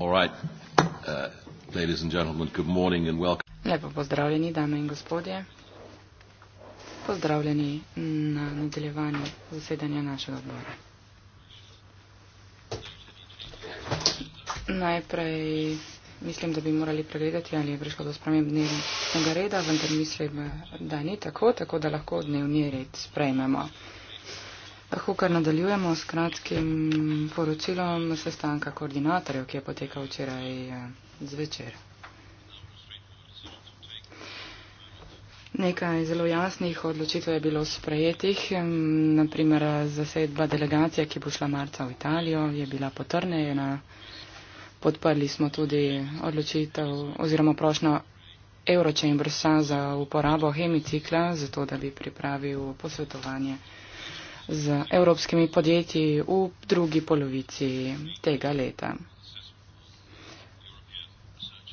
All right, uh, ladies and gentlemen, good morning and welcome. Lepo pozdravljeni, dame in gospodje. Pozdravljeni na nadaljevanju zasedanja našega odbora. Najprej mislim, da bi morali pregledati, ali je prišlo do sprememb dnevnega reda, vendar mislim, da ni tako, tako da lahko dnevni red sprejmemo. Hukar nadaljujemo s kratkim poročilom sestanka koordinatorjev, ki je potekal včeraj eh, zvečer. Nekaj zelo jasnih odločitev je bilo sprejetih, mm, naprimer zasedba delegacije, ki bo šla marca v Italijo, je bila potrnejena. Podprli smo tudi odločitev oziroma prošnjo Eurochambersa za uporabo hemicikla, zato da bi pripravil posvetovanje z evropskimi podjetji v drugi polovici tega leta.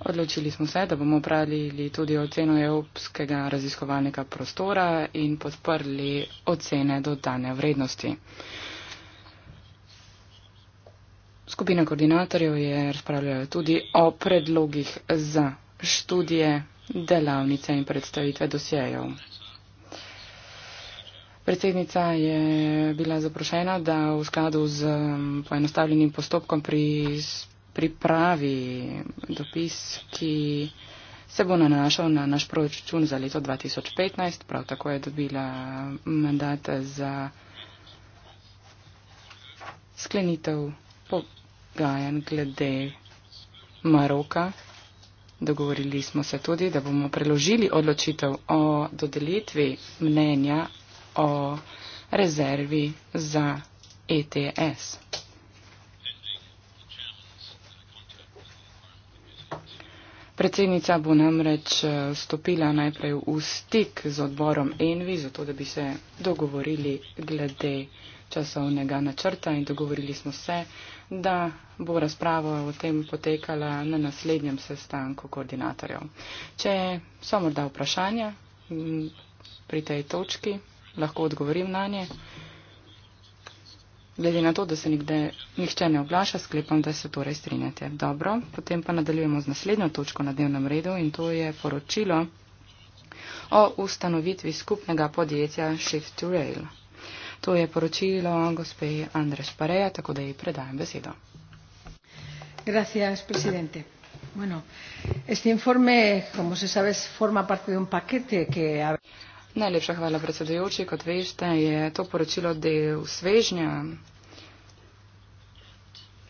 Odločili smo se, da bomo pravili tudi oceno evropskega raziskovalnega prostora in podprli ocene dodane vrednosti. Skupina koordinatorjev je razpravljala tudi o predlogih za študije, delavnice in predstavitve dosjejev. Predsednica je bila zaprošena, da v skladu z um, poenostavljenim postopkom pri, pripravi dopis, ki se bo nanašal na naš proračun za leto 2015. Prav tako je dobila mandat za sklenitev pogajanj glede Maroka. Dogovorili smo se tudi, da bomo preložili odločitev o dodelitvi mnenja o rezervi za ETS. Predsednica bo namreč eh, stopila najprej v stik z odborom Envi, zato da bi se dogovorili glede časovnega načrta in dogovorili smo se, da bo razprava o tem potekala na naslednjem sestanku koordinatorjev. Če so morda vprašanja pri tej točki lahko odgovorim na nje. Glede na to, da se nikde, nihče ne oglaša, sklepam, da se torej strinjate. Dobro, potem pa nadaljujemo z naslednjo točko na dnevnem redu in to je poročilo o ustanovitvi skupnega podjetja Shift to Rail. To je poročilo gospe Andres Pareja, tako da ji predajem besedo. Gracias, presidente. Bueno, este informe, como se sabe, forma parte de un paquete que... Najlepša hvala, predsedujoči. Kot vešte, je to poročilo del svežnja,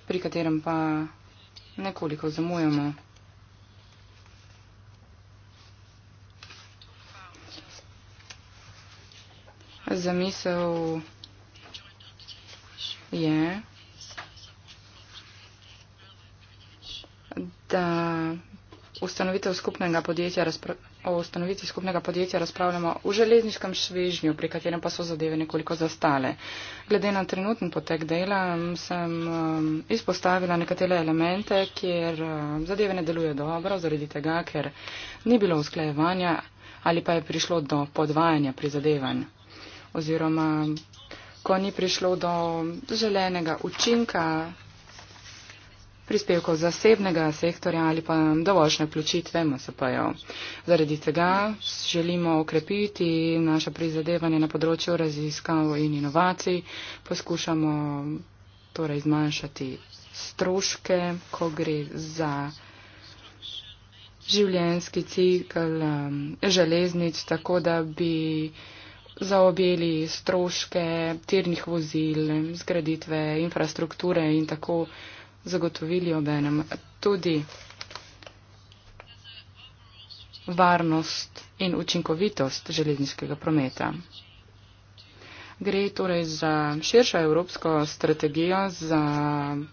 pri katerem pa nekoliko zamujamo. Zamisel je, da ustanovitev skupnega podjetja razpravlja o ustanovitvi skupnega podjetja razpravljamo v železniškem svežnju, pri katerem pa so zadeve nekoliko zastale. Glede na trenutni potek dela mm, sem um, izpostavila nekatere elemente, kjer um, zadeve ne deluje dobro, zaradi tega, ker ni bilo usklajevanja ali pa je prišlo do podvajanja prizadevanj oziroma ko ni prišlo do želenega učinka prispevkov zasebnega sektorja ali pa dovoljšne vključitve MSP-jo. Zaradi tega želimo okrepiti naše prizadevanje na področju raziskav in inovacij, poskušamo torej zmanjšati stroške, ko gre za življenski cikl um, železnic, tako da bi zaobjeli stroške tirnih vozil, zgraditve infrastrukture in tako naprej zagotovili obenem tudi varnost in učinkovitost železniškega prometa. Gre torej za širšo evropsko strategijo za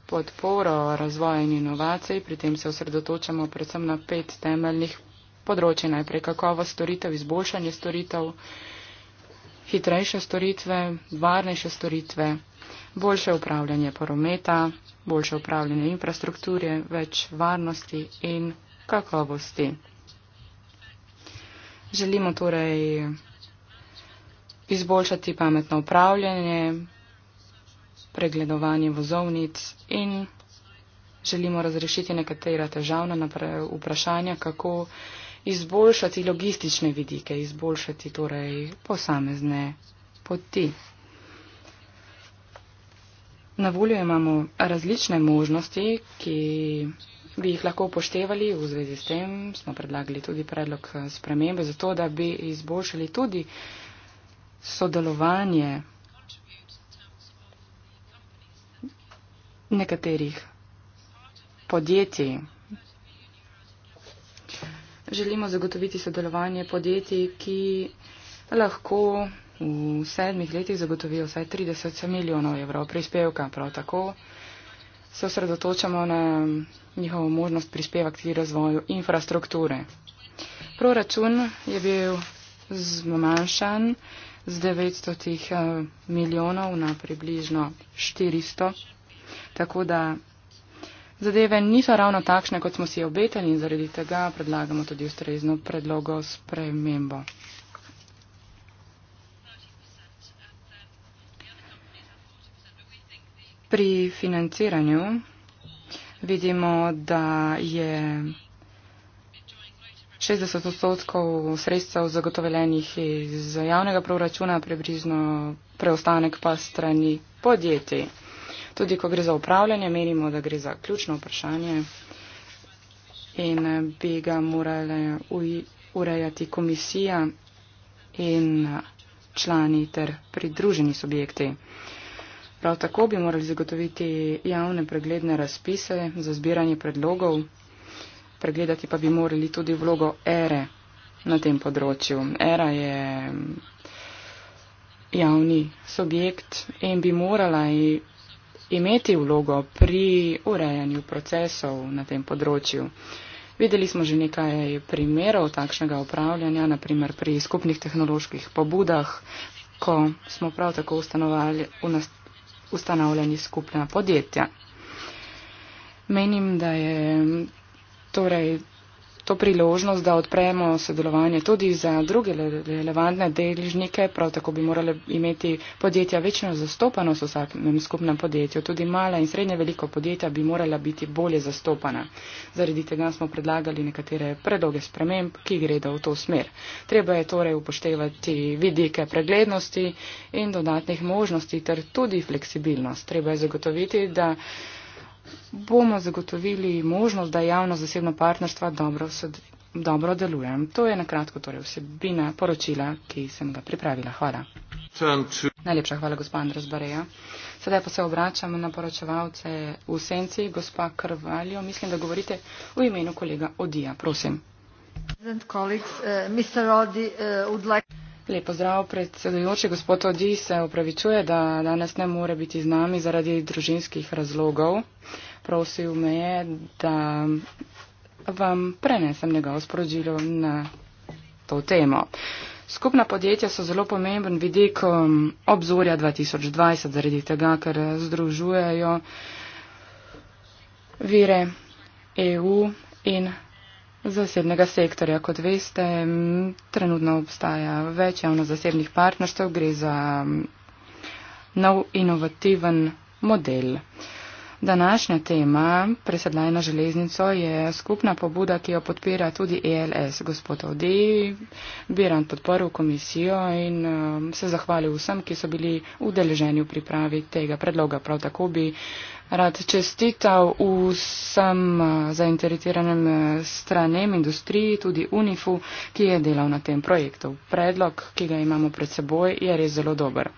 podporo razvoja in inovacij. Pri tem se osredotočamo predvsem na pet temeljnih področji. Najprej kakovost storitev, izboljšanje storitev, hitrejše storitve, varnejše storitve, boljše upravljanje prometa, boljše upravljanje infrastrukture, več varnosti in kakovosti. Želimo torej izboljšati pametno upravljanje, pregledovanje vozovnic in želimo razrešiti nekatera težavna vprašanja, kako izboljšati logistične vidike, izboljšati torej posamezne poti. Na voljo imamo različne možnosti, ki bi jih lahko upoštevali. V zvezi s tem smo predlagali tudi predlog eh, spremembe za to, da bi izboljšali tudi sodelovanje nekaterih podjetij. Želimo zagotoviti sodelovanje podjetij, ki lahko V sedmih letih zagotovijo vsaj 30 milijonov evrov prispevka. Prav tako se osredotočamo na njihovo možnost prispevati k razvoju infrastrukture. Proračun je bil zmanjšan z 900 eh, milijonov na približno 400, tako da zadeve niso ravno takšne, kot smo si obetali in zaradi tega predlagamo tudi ustrezno predlogo spremembo. Pri financiranju vidimo, da je 60 odstotkov sredstev zagotovljenih iz javnega proračuna, približno preostanek pa strani podjetij. Tudi, ko gre za upravljanje, menimo, da gre za ključno vprašanje in bi ga morale urejati komisija in člani ter pridruženi subjekti. Prav tako bi morali zagotoviti javne pregledne razpise za zbiranje predlogov, pregledati pa bi morali tudi vlogo ere na tem področju. Era je javni subjekt in bi morala imeti vlogo pri urejanju procesov na tem področju. Videli smo že nekaj primerov takšnega upravljanja, naprimer pri skupnih tehnoloških pobudah, ko smo prav tako ustanovali v nastavi ustanovljeni skupna podjetja. Menim, da je torej to priložnost, da odpremo sodelovanje tudi za druge relevantne deležnike, prav tako bi morale imeti podjetja večjo zastopanost v vsakem skupnem podjetju, tudi mala in srednje veliko podjetja bi morala biti bolje zastopana. Zaradi tega smo predlagali nekatere predloge sprememb, ki gredo v to smer. Treba je torej upoštevati vidike preglednosti in dodatnih možnosti ter tudi fleksibilnost. Treba je zagotoviti, da bomo zagotovili možnost, da javno zasebno partnerstva dobro, dobro deluje. To je nakratko torej vsebina poročila, ki sem ga pripravila. Hvala. Najlepša hvala, gospod Andres Bareja. Sedaj pa se obračam na poročevalce v senci, gospa Krvaljo. Mislim, da govorite v imenu kolega Odija. Prosim. Uh, eh, Mr. Odi, uh, would like... Lep pozdrav predsedujoči, gospod Odi se upravičuje, da danes ne more biti z nami zaradi družinskih razlogov. Prosil me je, da vam prenesem njegov sporočilo na to temo. Skupna podjetja so zelo pomemben vidik um, obzorja 2020 zaradi tega, ker združujejo vire EU in Zasebnega sektorja, kot veste, trenutno obstaja več javno-zasebnih partnerstv, gre za nov inovativen model. Današnja tema, presedlaj na železnico, je skupna pobuda, ki jo podpira tudi ELS. Gospod Odi, Biran podporil komisijo in se zahvalil vsem, ki so bili udeleženi v pripravi tega predloga. Prav tako bi rad čestital vsem eh, zainteresiranim eh, stranem industriji, tudi Unifu, ki je delal na tem projektu. Predlog, ki ga imamo pred seboj, je res zelo dober.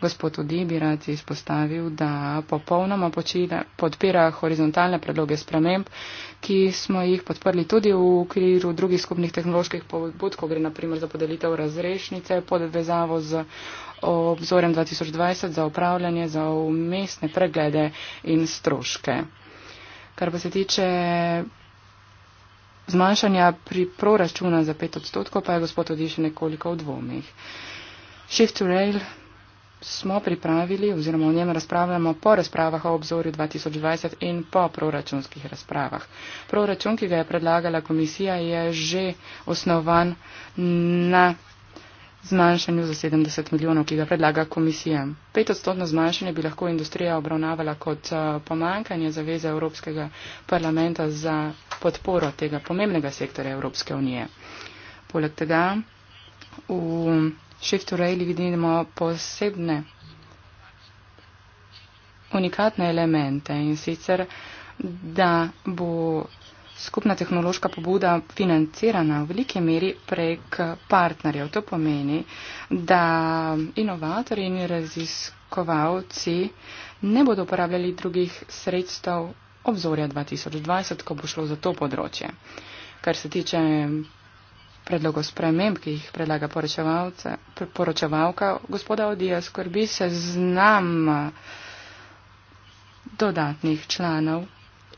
Gospod Udi bi rad izpostavil, da popolnoma počile, podpira horizontalne predloge sprememb, ki smo jih podprli tudi v okviru drugih skupnih tehnoloških pobud, ko gre naprimer za podelitev razrešnice pod vezavo z obzorjem 2020 za upravljanje, za umestne preglede in stroške. Kar pa se tiče zmanjšanja pri proračuna za 5 odstotkov, pa je gospod odišel nekoliko v dvomih. Shift to rail smo pripravili oziroma o njem razpravljamo po razpravah o obzorju 2020 in po proračunskih razpravah. Proračun, ki ga je predlagala komisija, je že osnovan na zmanjšanju za 70 milijonov, ki ga predlaga komisija. Pet odstotno zmanjšanje bi lahko industrija obravnavala kot eh, pomankanje zaveze Evropskega parlamenta za podporo tega pomembnega sektorja Evropske unije. Poleg tega. Shift to Rail vidimo posebne, unikatne elemente in sicer, da bo skupna tehnološka pobuda financirana v veliki meri prek partnerjev. To pomeni, da inovatorji in raziskovalci ne bodo uporabljali drugih sredstev obzorja 2020, ko bo šlo za to področje. Kar se tiče predlogo sprememb, ki jih predlaga poročevalka gospoda Odija, skrbi se znam dodatnih članov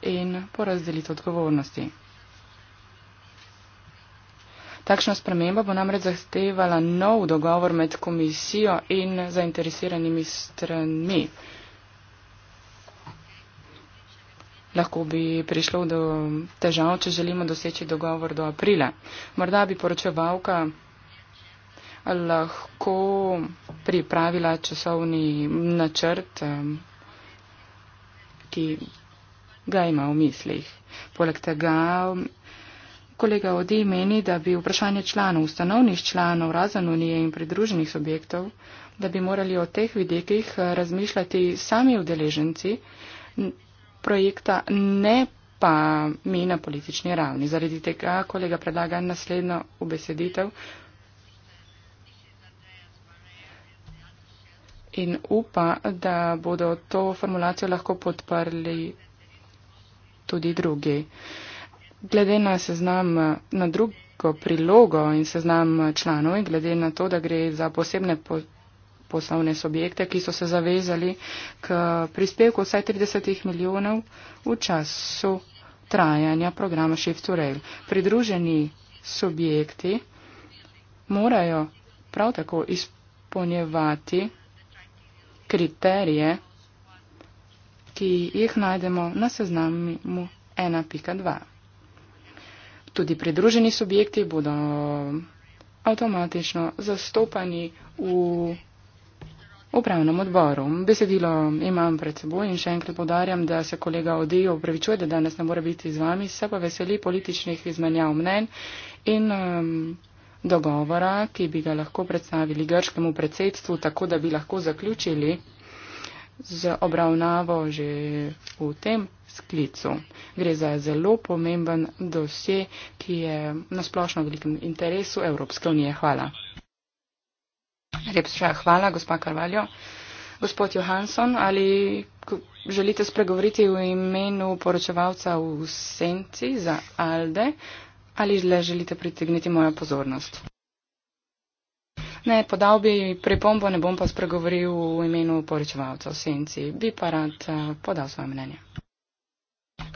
in porazdeliti odgovornosti. Takšna sprememba bo namreč zahtevala nov dogovor med komisijo in zainteresiranimi stranmi. lahko bi prišlo do težav, če želimo doseči dogovor do aprila. Morda bi poročevalka lahko pripravila časovni načrt, ki ga ima v mislih. Poleg tega. Kolega Odi meni, da bi vprašanje članov, ustanovnih članov, razen unije in pridruženih subjektov, da bi morali o teh vidikih eh, razmišljati sami udeleženci, projekta, ne pa mi na politični ravni. Zaradi tega kolega predlaga naslednjo ubeseditev in upa, da bodo to formulacijo lahko podprli tudi drugi. Glede na seznam na drugo prilogo in seznam članov in glede na to, da gre za posebne po poslovne subjekte, ki so se zavezali k prispevku vsaj 30 milijonov v času trajanja programa Shift to Rail. Pridruženi subjekti morajo prav tako izpolnjevati kriterije, ki jih najdemo na seznamu 1.2. Tudi pridruženi subjekti bodo avtomatično zastopani v upravnem odboru. Besedilo imam pred seboj in še enkrat podarjam, da se kolega Odejo upravičuje, da danes ne more biti z vami, se pa veseli političnih izmenjav mnen in um, dogovora, ki bi ga lahko predstavili grškemu predsedstvu, tako da bi lahko zaključili z obravnavo že v tem sklicu. Gre za zelo pomemben dosje, ki je na splošno velikem interesu Evropske unije. Hvala. Lepša hvala, gospa Karvaljo. Gospod Johansson, ali želite spregovoriti v imenu poročevalca v senci za Alde ali le želite pritegniti mojo pozornost? Ne, podal bi pripombo, ne bom pa spregovoril v imenu poročevalca v senci. Bi pa rad eh, podal svoje mnenje.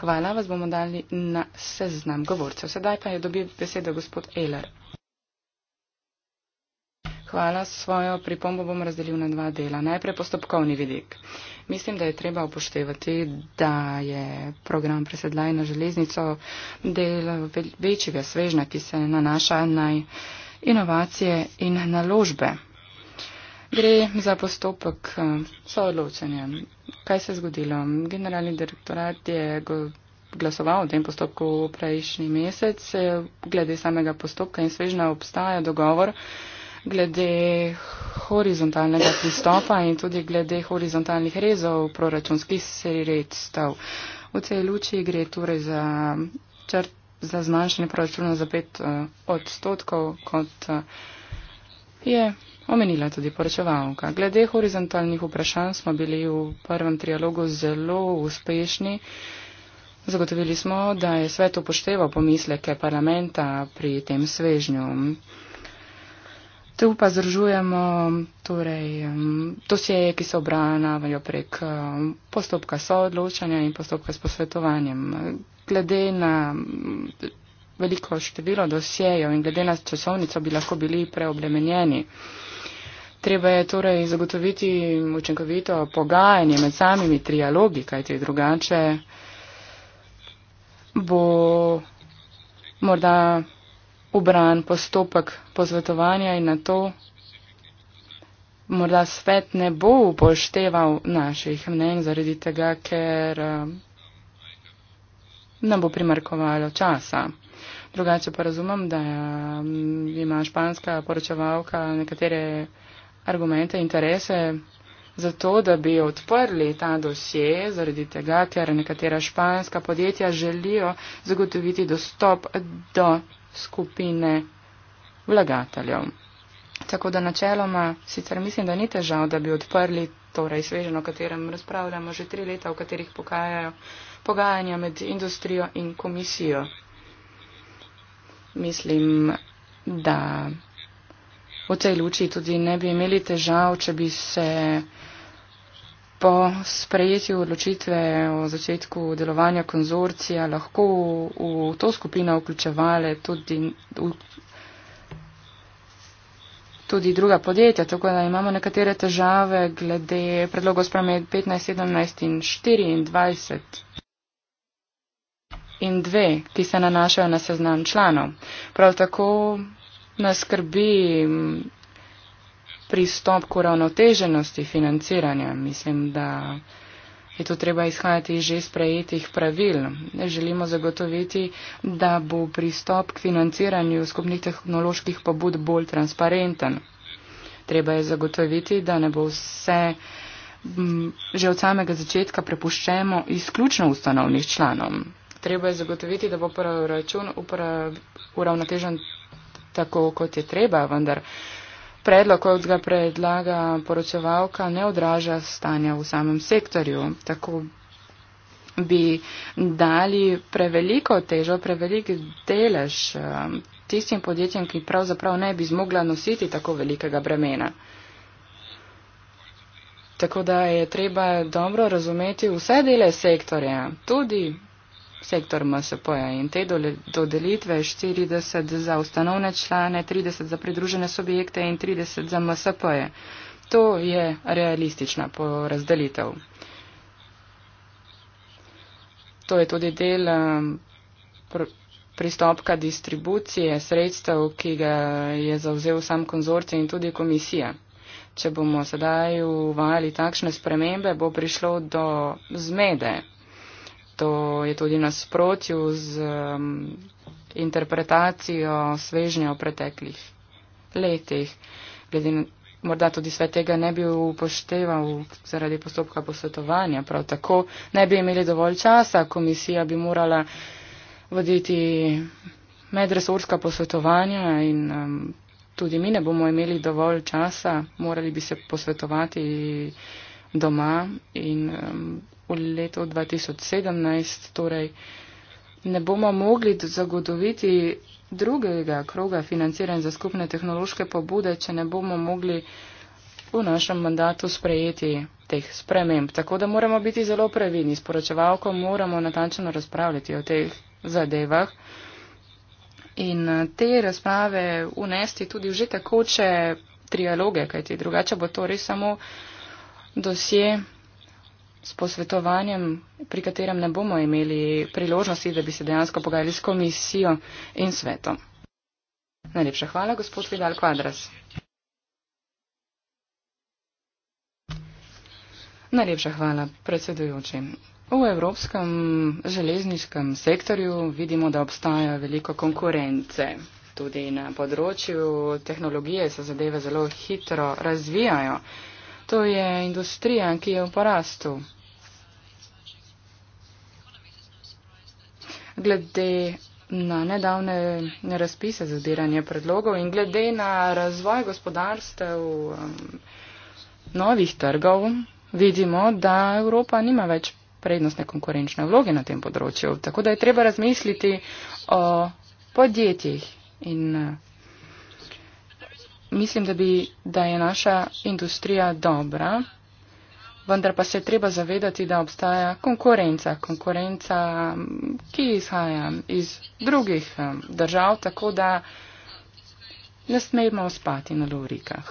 Hvala, vas bomo dali na seznam govorcev. Sedaj pa je dobil besedo gospod Eler. Hvala. Svojo pripombo bom razdelil na dva dela. Najprej postopkovni vidik. Mislim, da je treba upoštevati, da je program presedlaj na železnico del večjega svežna, ki se nanaša na inovacije in naložbe. Gre za postopek soodločanja. Kaj se je zgodilo? Generalni direktorat je glasoval o tem postopku prejšnji mesec. Glede samega postopka in svežna obstaja dogovor glede horizontalnega pristopa in tudi glede horizontalnih rezov proračunskih sredstev. V tej luči gre torej za, za zmanjšanje proračuna za pet uh, odstotkov, kot uh, je omenila tudi poročevalka. Glede horizontalnih vprašanj smo bili v prvem trialogu zelo uspešni. Zagotovili smo, da je svet upošteval pomisleke parlamenta pri tem svežnju. Tu pa zdržujemo, torej, to se je, ki se obravnavajo prek postopka soodločanja in postopka s posvetovanjem. Glede na veliko število dosjejev in glede na časovnico bi lahko bili preoblemenjeni. Treba je torej zagotoviti učinkovito pogajanje med samimi trialogi, kajti drugače bo morda ubran postopek pozvetovanja in na to morda svet ne bo upošteval naših mnen zaradi tega, ker eh, ne bo primarkovalo časa. Drugače pa razumem, da eh, ima španska poročevalka nekatere argumente, interese za to, da bi odprli ta dosje, zaradi tega, ker nekatera španska podjetja želijo zagotoviti dostop do skupine vlagateljev. Tako da načeloma sicer mislim, da ni težav, da bi odprli torej sveženo, o katerem razpravljamo že tri leta, v katerih pokajajo pogajanja med industrijo in komisijo. Mislim, da v tej luči tudi ne bi imeli težav, če bi se Po sprejetju odločitve o začetku delovanja konzorcija lahko v to skupino vključevale tudi, v, tudi druga podjetja, tako da imamo nekatere težave glede predlogov spremembe 15, 17 in 24 in dve, ki se nanašajo na seznam članov. Prav tako nas skrbi pristop k uravnoteženosti financiranja. Mislim, da je to treba izhajati iz že sprejetih pravil. Želimo zagotoviti, da bo pristop k financiranju skupnih tehnoloških pobud bolj transparenten. Treba je zagotoviti, da ne bo vse m, že od samega začetka prepuščeno izključno ustanovnih članom. Treba je zagotoviti, da bo proračun uravnotežen tako, kot je treba, vendar predlog, kot ga predlaga poročevalka, ne odraža stanja v samem sektorju. Tako bi dali preveliko težo, prevelik delež eh, tistim podjetjem, ki pravzaprav ne bi zmogla nositi tako velikega bremena. Tako da je treba dobro razumeti vse dele sektorja, tudi sektor MSP-ja in te dodelitve 40 za ustanovne člane, 30 za pridružene subjekte in 30 za MSP-je. To je realistična porazdelitev. To je tudi del um, pristopka distribucije sredstev, ki ga je zauzel sam konzorcij in tudi komisija. Če bomo sedaj uvajali takšne spremembe, bo prišlo do zmede to je tudi nasprotju z um, interpretacijo svežnja o preteklih letih. Glede na, morda tudi svetega ne bi upošteval zaradi postopka posvetovanja. Prav tako ne bi imeli dovolj časa, komisija bi morala voditi medresurska posvetovanja in um, tudi mi ne bomo imeli dovolj časa, morali bi se posvetovati doma in um, v letu 2017, torej ne bomo mogli zagotoviti drugega kroga financiranja za skupne tehnološke pobude, če ne bomo mogli v našem mandatu sprejeti teh sprememb. Tako da moramo biti zelo previdni. Sporočevalko moramo natančno razpravljati o teh zadevah in te razprave unesti tudi v že tekoče trialoge, kajti drugače bo to res samo dosje s posvetovanjem, pri katerem ne bomo imeli priložnosti, da bi se dejansko pogajali s komisijo in svetom. Najlepša hvala, gospod Vidal Kvadras. Najlepša hvala, predsedujoči. V evropskem železniškem sektorju vidimo, da obstaja veliko konkurence. Tudi na področju tehnologije se zadeve zelo hitro razvijajo. To je industrija, ki je v porastu. Glede na nedavne razpise za zbiranje predlogov in glede na razvoj gospodarstev um, novih trgov, vidimo, da Evropa nima več prednostne konkurenčne vloge na tem področju. Tako da je treba razmisliti o podjetjih in mislim, da, bi, da je naša industrija dobra, vendar pa se je treba zavedati, da obstaja konkurenca, konkurenca, ki izhaja iz drugih držav, tako da ne smemo spati na lovrikah.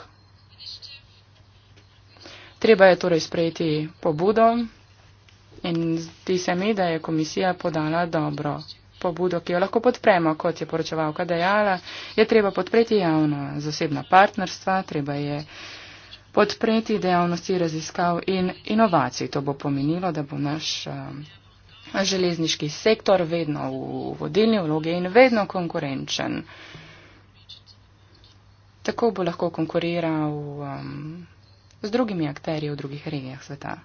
Treba je torej sprejeti pobudo in zdi se mi, da je komisija podala dobro pobudo, ki jo lahko podpremo, kot je poročevalka dejala, je treba podpreti javno zasebna partnerstva, treba je podpreti dejavnosti raziskav in inovacij. To bo pomenilo, da bo naš eh, železniški sektor vedno v vodilni vlogi in vedno konkurenčen. Tako bo lahko konkuriral um, z drugimi akterji v drugih regijah sveta.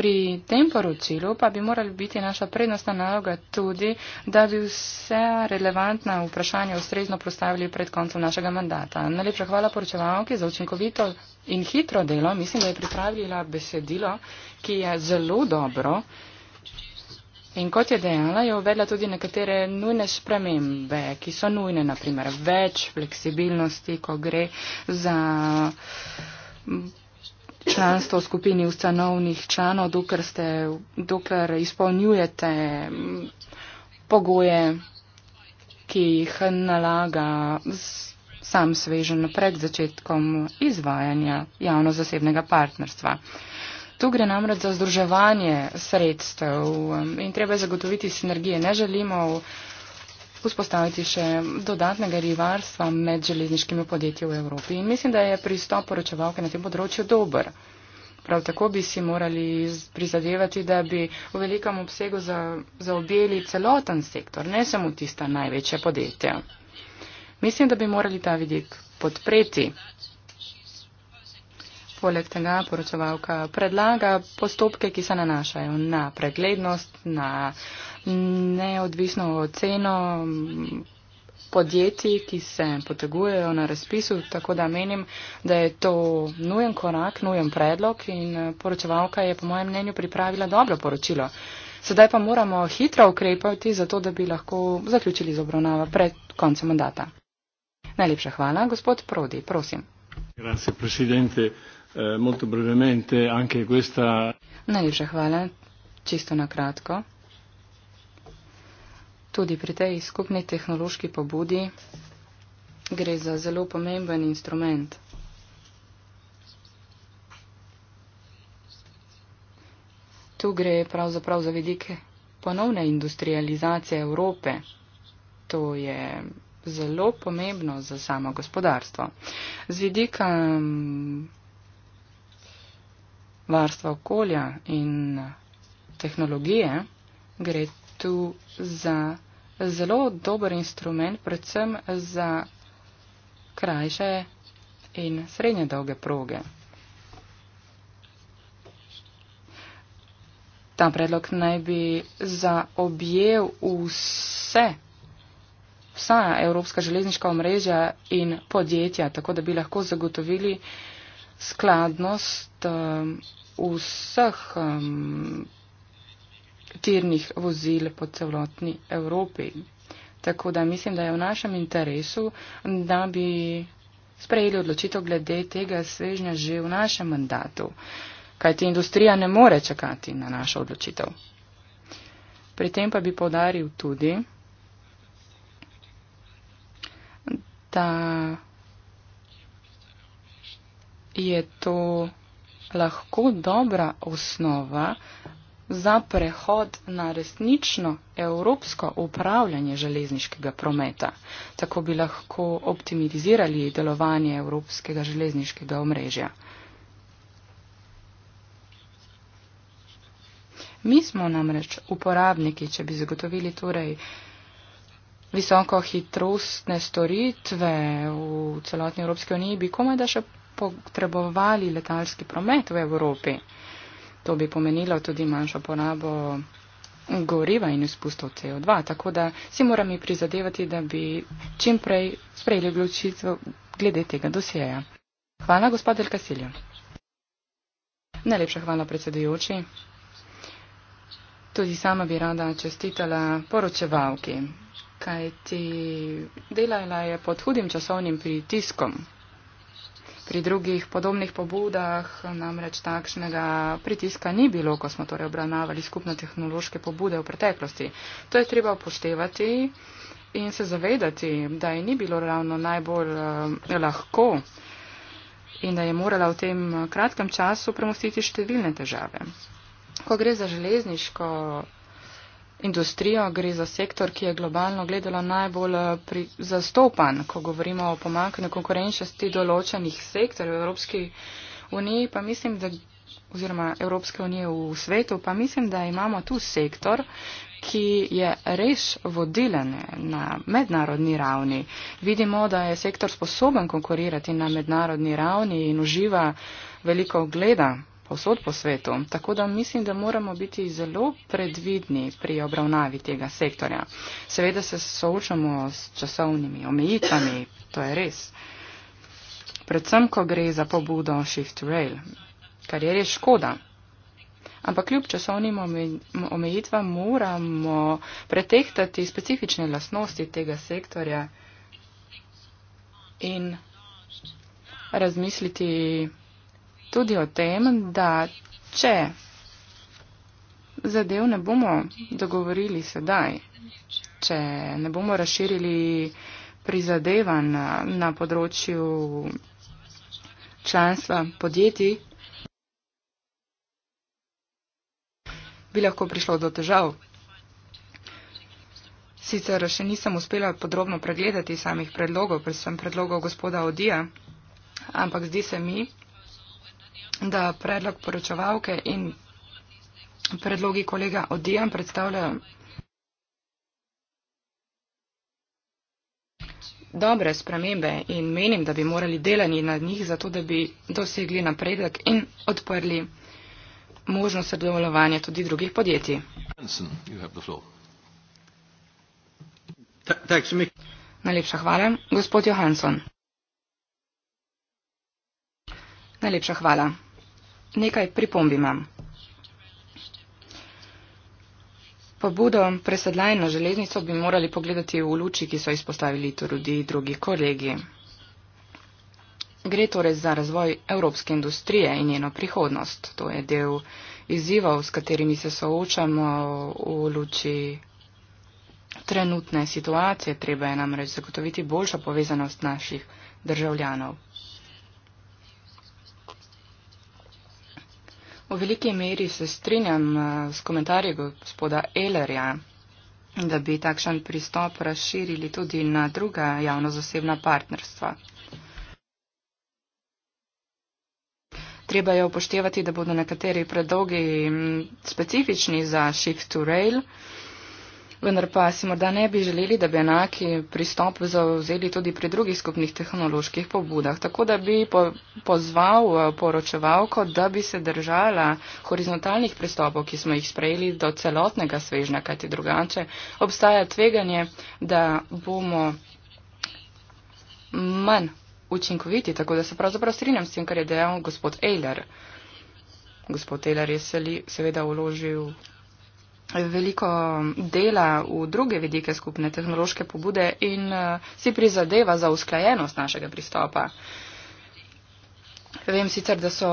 Pri tem poročilu pa bi morali biti naša prednostna naloga tudi, da bi vse relevantna vprašanja ustrezno postavili pred koncem našega mandata. Najlepša hvala poročevalki za učinkovito in hitro delo. Mislim, da je pripravila besedilo, ki je zelo dobro. In kot je dejala, je uvedla tudi nekatere nujne spremembe, ki so nujne, naprimer več fleksibilnosti, ko gre za članstvo v skupini ustanovnih članov, dokler, ste, dokler izpolnjujete pogoje, ki jih nalaga sam svežen pred začetkom izvajanja javno-zasebnega partnerstva. Tu gre namreč za združevanje sredstev in treba je zagotoviti sinergije. Ne želimo vzpostaviti še dodatnega rivarstva med železniškimi podjetji v Evropi. In mislim, da je pristop poročevalke na tem področju dober. Prav tako bi si morali prizadevati, da bi v velikem obsegu za, zaobjeli celoten sektor, ne samo tista največja podjetja. Mislim, da bi morali ta vidik podpreti. Poleg tega poročevalka predlaga postopke, ki se nanašajo na preglednost, na neodvisno oceno podjetij, ki se potegujejo na razpisu, tako da menim, da je to nujen korak, nujen predlog in poročevalka je po mojem mnenju pripravila dobro poročilo. Sedaj pa moramo hitro ukrepati, zato da bi lahko zaključili z obravnava pred koncem mandata. Najlepša hvala, gospod Prodi, prosim. Grazie, Eh, molto brevemente anche questa. Najlepša hvala, čisto na kratko. Tudi pri tej skupni tehnološki pobudi gre za zelo pomemben instrument. Tu gre pravzaprav za vidik ponovne industrializacije Evrope. To je zelo pomembno za samo gospodarstvo. Z vidika mm, varstva okolja in tehnologije, gre tu za zelo dober instrument, predvsem za krajše in srednje dolge proge. Ta predlog naj bi zaobjel vse, vsa evropska železniška omrežja in podjetja, tako da bi lahko zagotovili skladnost Um, vseh um, tirnih vozil po celotni Evropi. Tako da mislim, da je v našem interesu, da bi sprejeli odločitev glede tega svežnja že v našem mandatu, kajti industrija ne more čakati na našo odločitev. Pri tem pa bi povdaril tudi, da je to lahko dobra osnova za prehod na resnično evropsko upravljanje železniškega prometa. Tako bi lahko optimizirali delovanje evropskega železniškega omrežja. Mi smo namreč uporabniki, če bi zagotovili torej visoko hitrostne storitve v celotni Evropski uniji, bi komaj da še potrebovali letalski promet v Evropi. To bi pomenilo tudi manjšo porabo goriva in izpustov CO2. Tako da si moramo prizadevati, da bi čim prej sprejeli odločitev glede tega dosjeja. Hvala, gospod El Kasiljo. Najlepša hvala, predsedujoči. Tudi sama bi rada čestitala poročevalki, kajti delala je pod hudim časovnim pritiskom pri drugih podobnih pobudah namreč takšnega pritiska ni bilo, ko smo torej obravnavali skupno tehnološke pobude v preteklosti. To je treba upoštevati in se zavedati, da je ni bilo ravno najbolj eh, lahko in da je morala v tem kratkem času premostiti številne težave. Ko gre za železniško industrijo, gre za sektor, ki je globalno gledalo najbolj eh, pri, zastopan, ko govorimo o pomankanju konkurenčnosti določenih sektorjev Evropske unije, pa mislim, da oziroma Evropske unije v svetu, pa mislim, da imamo tu sektor, ki je res vodilen na mednarodni ravni. Vidimo, da je sektor sposoben konkurirati na mednarodni ravni in uživa veliko gleda povsod po svetu, tako da mislim, da moramo biti zelo predvidni pri obravnavi tega sektorja. Seveda se soočamo s časovnimi omejitvami, to je res. Predvsem, ko gre za pobudo Shift Rail, kar je res škoda. Ampak kljub časovnim omejitvam moramo pretehtati specifične lasnosti tega sektorja in razmisliti tudi o tem, da če zadev ne bomo dogovorili sedaj, če ne bomo razširili prizadevanj na, na področju članstva podjetij, bi lahko prišlo do težav. Sicer še nisem uspela podrobno pregledati samih predlogov, predvsem predlogov gospoda Odija, ampak zdi se mi, da predlog poročevalke in predlogi kolega Odijan predstavljajo dobre spremembe in menim, da bi morali delati na njih, zato da bi dosegli napredek in odprli možnost sodelovanja tudi drugih podjetij. Najlepša hvala. Gospod Johansson. Najlepša hvala nekaj pripomb imam. Pobudo presedlaj na železnico bi morali pogledati v luči, ki so izpostavili tudi drugi kolegi. Gre torej za razvoj evropske industrije in njeno prihodnost. To je del izzivov, s katerimi se soočamo v luči trenutne situacije. Treba je namreč zagotoviti boljšo povezanost naših državljanov. V veliki meri se strinjam eh, s komentarji gospoda Ellerja, da bi takšen pristop razširili tudi na druga javno-zasebna partnerstva. Treba je upoštevati, da bodo nekateri predlogi mm, specifični za shift to rail vendar pa si morda ne bi želeli, da bi enaki pristop zauzeli tudi pri drugih skupnih tehnoloških pobudah. Tako da bi po, pozval eh, poročevalko, da bi se držala horizontalnih pristopov, ki smo jih sprejeli do celotnega svežnja, kajti drugače obstaja tveganje, da bomo manj učinkoviti, tako da se pravzaprav strinjam s tem, kar je dejal gospod Eiler. Gospod Taylor je seveda uložil veliko dela v druge vidike skupne tehnološke pobude in eh, si prizadeva za usklajenost našega pristopa. Vem sicer, da so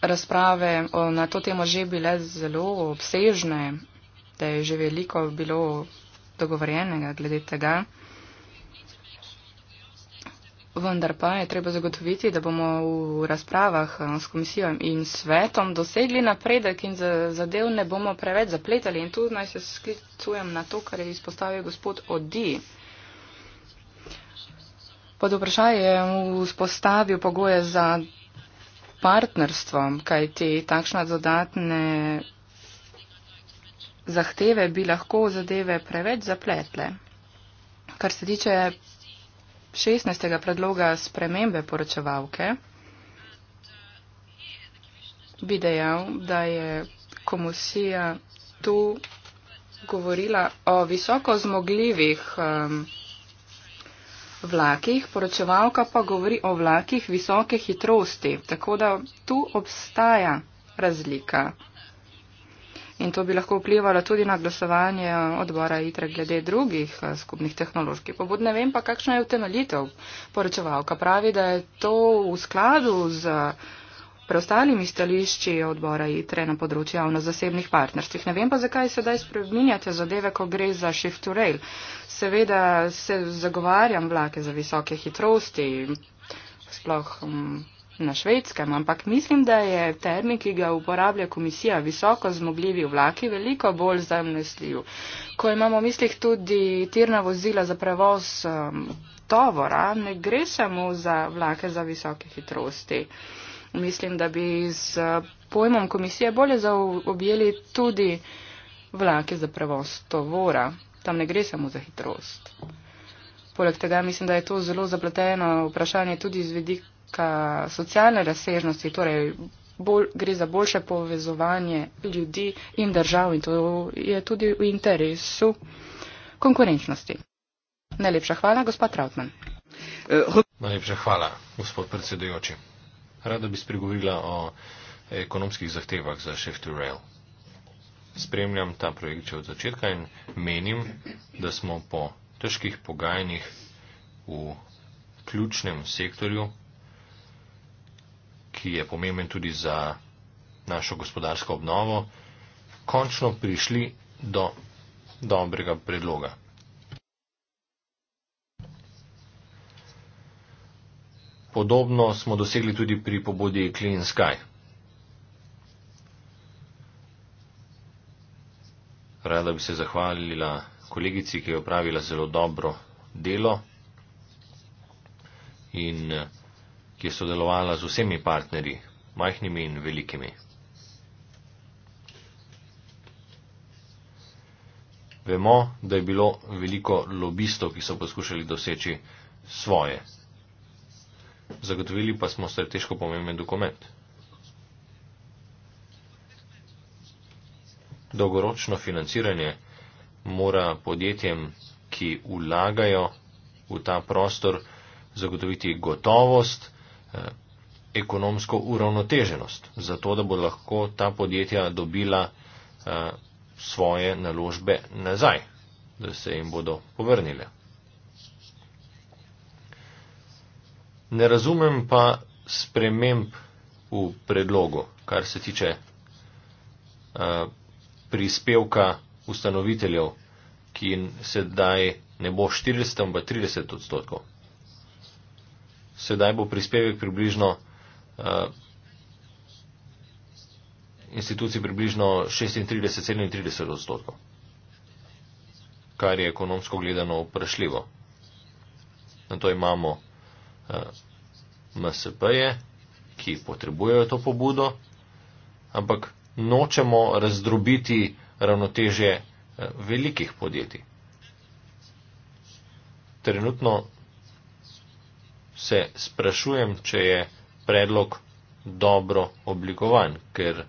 razprave na to temo že bile zelo obsežne, da je že veliko bilo dogovorjenega glede tega vendar pa je treba zagotoviti, da bomo v razpravah eh, s komisijo in svetom dosegli napredek in zadev ne bomo preveč zapletali. In tu naj se sklicujem na to, kar je izpostavil gospod Odi. Pod vprašanjem vzpostavil pogoje za partnerstvo, kaj ti takšna dodatne zahteve bi lahko zadeve preveč zapletle. Kar se tiče 16. predloga spremembe poročevalke bi dejal, da je komisija tu govorila o visoko zmogljivih um, vlakih, poročevalka pa govori o vlakih visoke hitrosti. Tako da tu obstaja razlika in to bi lahko vplivalo tudi na glasovanje odbora ITRE glede drugih eh, skupnih tehnoloških pobud. Ne vem pa, kakšna je utemeljitev poročevalka. Pravi, da je to v skladu z preostalimi stališči odbora ITRE na področju javno-zasebnih partnerstvih. Ne vem pa, zakaj sedaj spremenjate zadeve, ko gre za shift to rail. Seveda se zagovarjam vlake za visoke hitrosti, sploh. Hm, na švedskem, ampak mislim, da je termin, ki ga uporablja komisija, visoko zmogljivi vlaki, veliko bolj zamnesljiv. Ko imamo v mislih tudi tirna vozila za prevoz um, tovora, ne gre samo za vlake za visoke hitrosti. Mislim, da bi z uh, pojmom komisije bolje zaobjeli tudi vlake za prevoz tovora. Tam ne gre samo za hitrost. Poleg tega mislim, da je to zelo zapleteno vprašanje tudi z vidika ka socialne razsežnosti, torej bolj, gre za boljše povezovanje ljudi in držav in to je tudi v interesu konkurenčnosti. Najlepša hvala, gospod Trautman. Najlepša hvala, gospod predsedujoči. Rada bi spregovorila o ekonomskih zahtevah za Shift to Rail. Spremljam ta projekt že od začetka in menim, da smo po težkih pogajanjih v ključnem sektorju ki je pomemben tudi za našo gospodarsko obnovo, končno prišli do dobrega predloga. Podobno smo dosegli tudi pri pobudi Clean Sky. Rada bi se zahvalila kolegici, ki je opravila zelo dobro delo in ki je sodelovala z vsemi partnerji, majhnimi in velikimi. Vemo, da je bilo veliko lobistov, ki so poskušali doseči svoje. Zagotovili pa smo strateško pomemben dokument. Dolgoročno financiranje mora podjetjem, ki vlagajo v ta prostor, zagotoviti gotovost, Eh, ekonomsko uravnoteženost, zato da bo lahko ta podjetja dobila eh, svoje naložbe nazaj, da se jim bodo povrnile. Ne razumem pa sprememb v predlogu, kar se tiče eh, prispevka ustanoviteljev, ki sedaj ne bo 400, ampak 30 odstotkov sedaj bo prispevek približno uh, instituciji približno 36-37 odstotkov, kar je ekonomsko gledano vprašljivo. Na to imamo uh, eh, MSP-je, ki potrebujejo to pobudo, ampak nočemo razdrobiti ravnoteže uh, eh, velikih podjetij. Trenutno se sprašujem, če je predlog dobro oblikovan, ker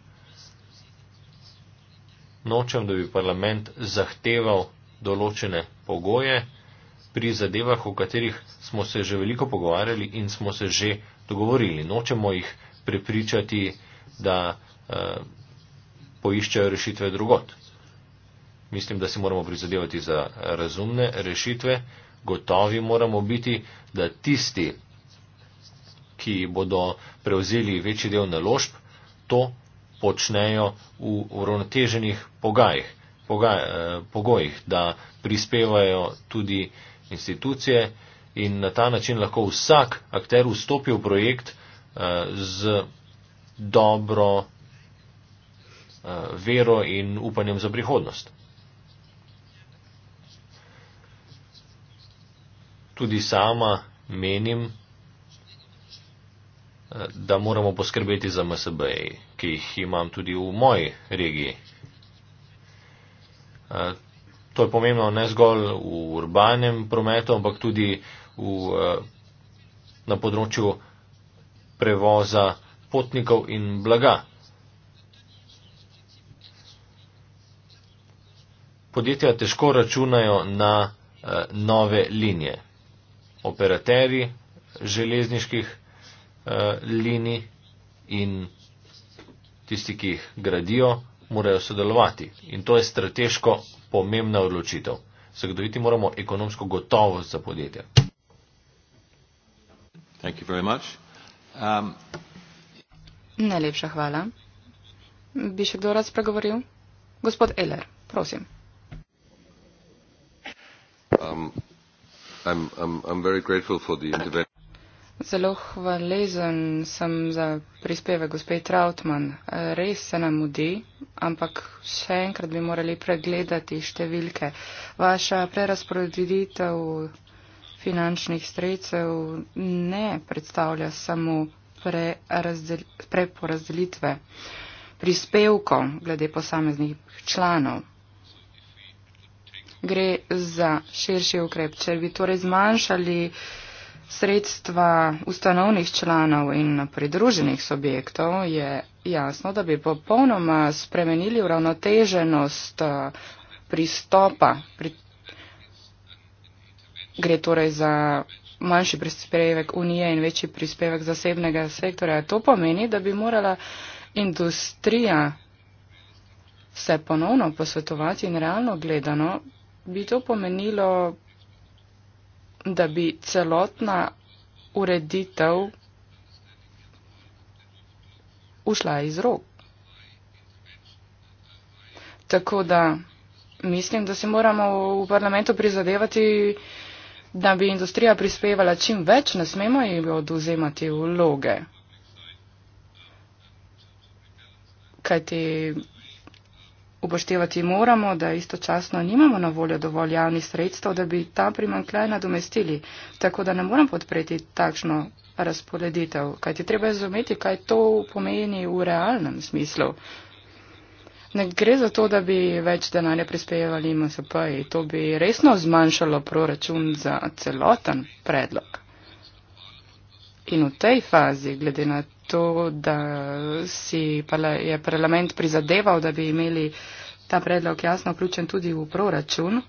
nočem, da bi parlament zahteval določene pogoje pri zadevah, o katerih smo se že veliko pogovarjali in smo se že dogovorili. Nočemo jih prepričati, da eh, poiščajo rešitve drugot. Mislim, da si moramo prizadevati za razumne rešitve. Gotovi moramo biti, da tisti, ki bodo prevzeli večji del naložb, to počnejo v uravnoteženih pogajih, eh, pogojih, da prispevajo tudi institucije in na ta način lahko vsak akter vstopi v projekt eh, z dobro eh, vero in upanjem za prihodnost. tudi sama menim, eh, da moramo poskrbeti za MSB, e, ki jih imam tudi v moji regiji. Eh, to je pomembno ne zgolj v urbanem prometu, ampak tudi v, eh, na področju prevoza potnikov in blaga. Podjetja težko računajo na nove linije operaterji železniških eh, linij in tisti, ki jih gradijo, morajo sodelovati. In to je strateško pomembna odločitev. Zagotoviti moramo ekonomsko gotovost za podjetje. Um... Najlepša hvala. Bi še kdo rad spregovoril? Gospod Eler, prosim. Zelo hvalezen sem za prispevek gospe Trautmann. Res se nam mudi, ampak še enkrat bi morali pregledati številke. Vaša prerasporeditev finančnih sredstev ne predstavlja samo preporazdelitve prispevkov glede posameznih članov gre za širši ukrep. Če bi torej zmanjšali sredstva ustanovnih članov in pridruženih subjektov, je jasno, da bi popolnoma spremenili uravnoteženost uh, pristopa. Pri... Gre torej za manjši prispevek unije in večji prispevek zasebnega sektorja. To pomeni, da bi morala industrija se ponovno posvetovati in realno gledano bi to pomenilo, da bi celotna ureditev ušla iz rok. Tako da mislim, da si moramo v parlamentu prizadevati, da bi industrija prispevala čim več, ne smemo jim oduzemati vloge. Kajti Upoštevati moramo, da istočasno nimamo na voljo dovolj javnih sredstev, da bi ta primankljaj nadomestili, tako da ne morem podpreti takšno razporeditev, kaj ti treba razumeti, kaj to pomeni v realnem smislu. Ne gre za to, da bi več denarja prispevali MSP-ji, to bi resno zmanjšalo proračun za celoten predlog. In v tej fazi, glede na to, da si je parlament prizadeval, da bi imeli ta predlog jasno vključen tudi v proračun.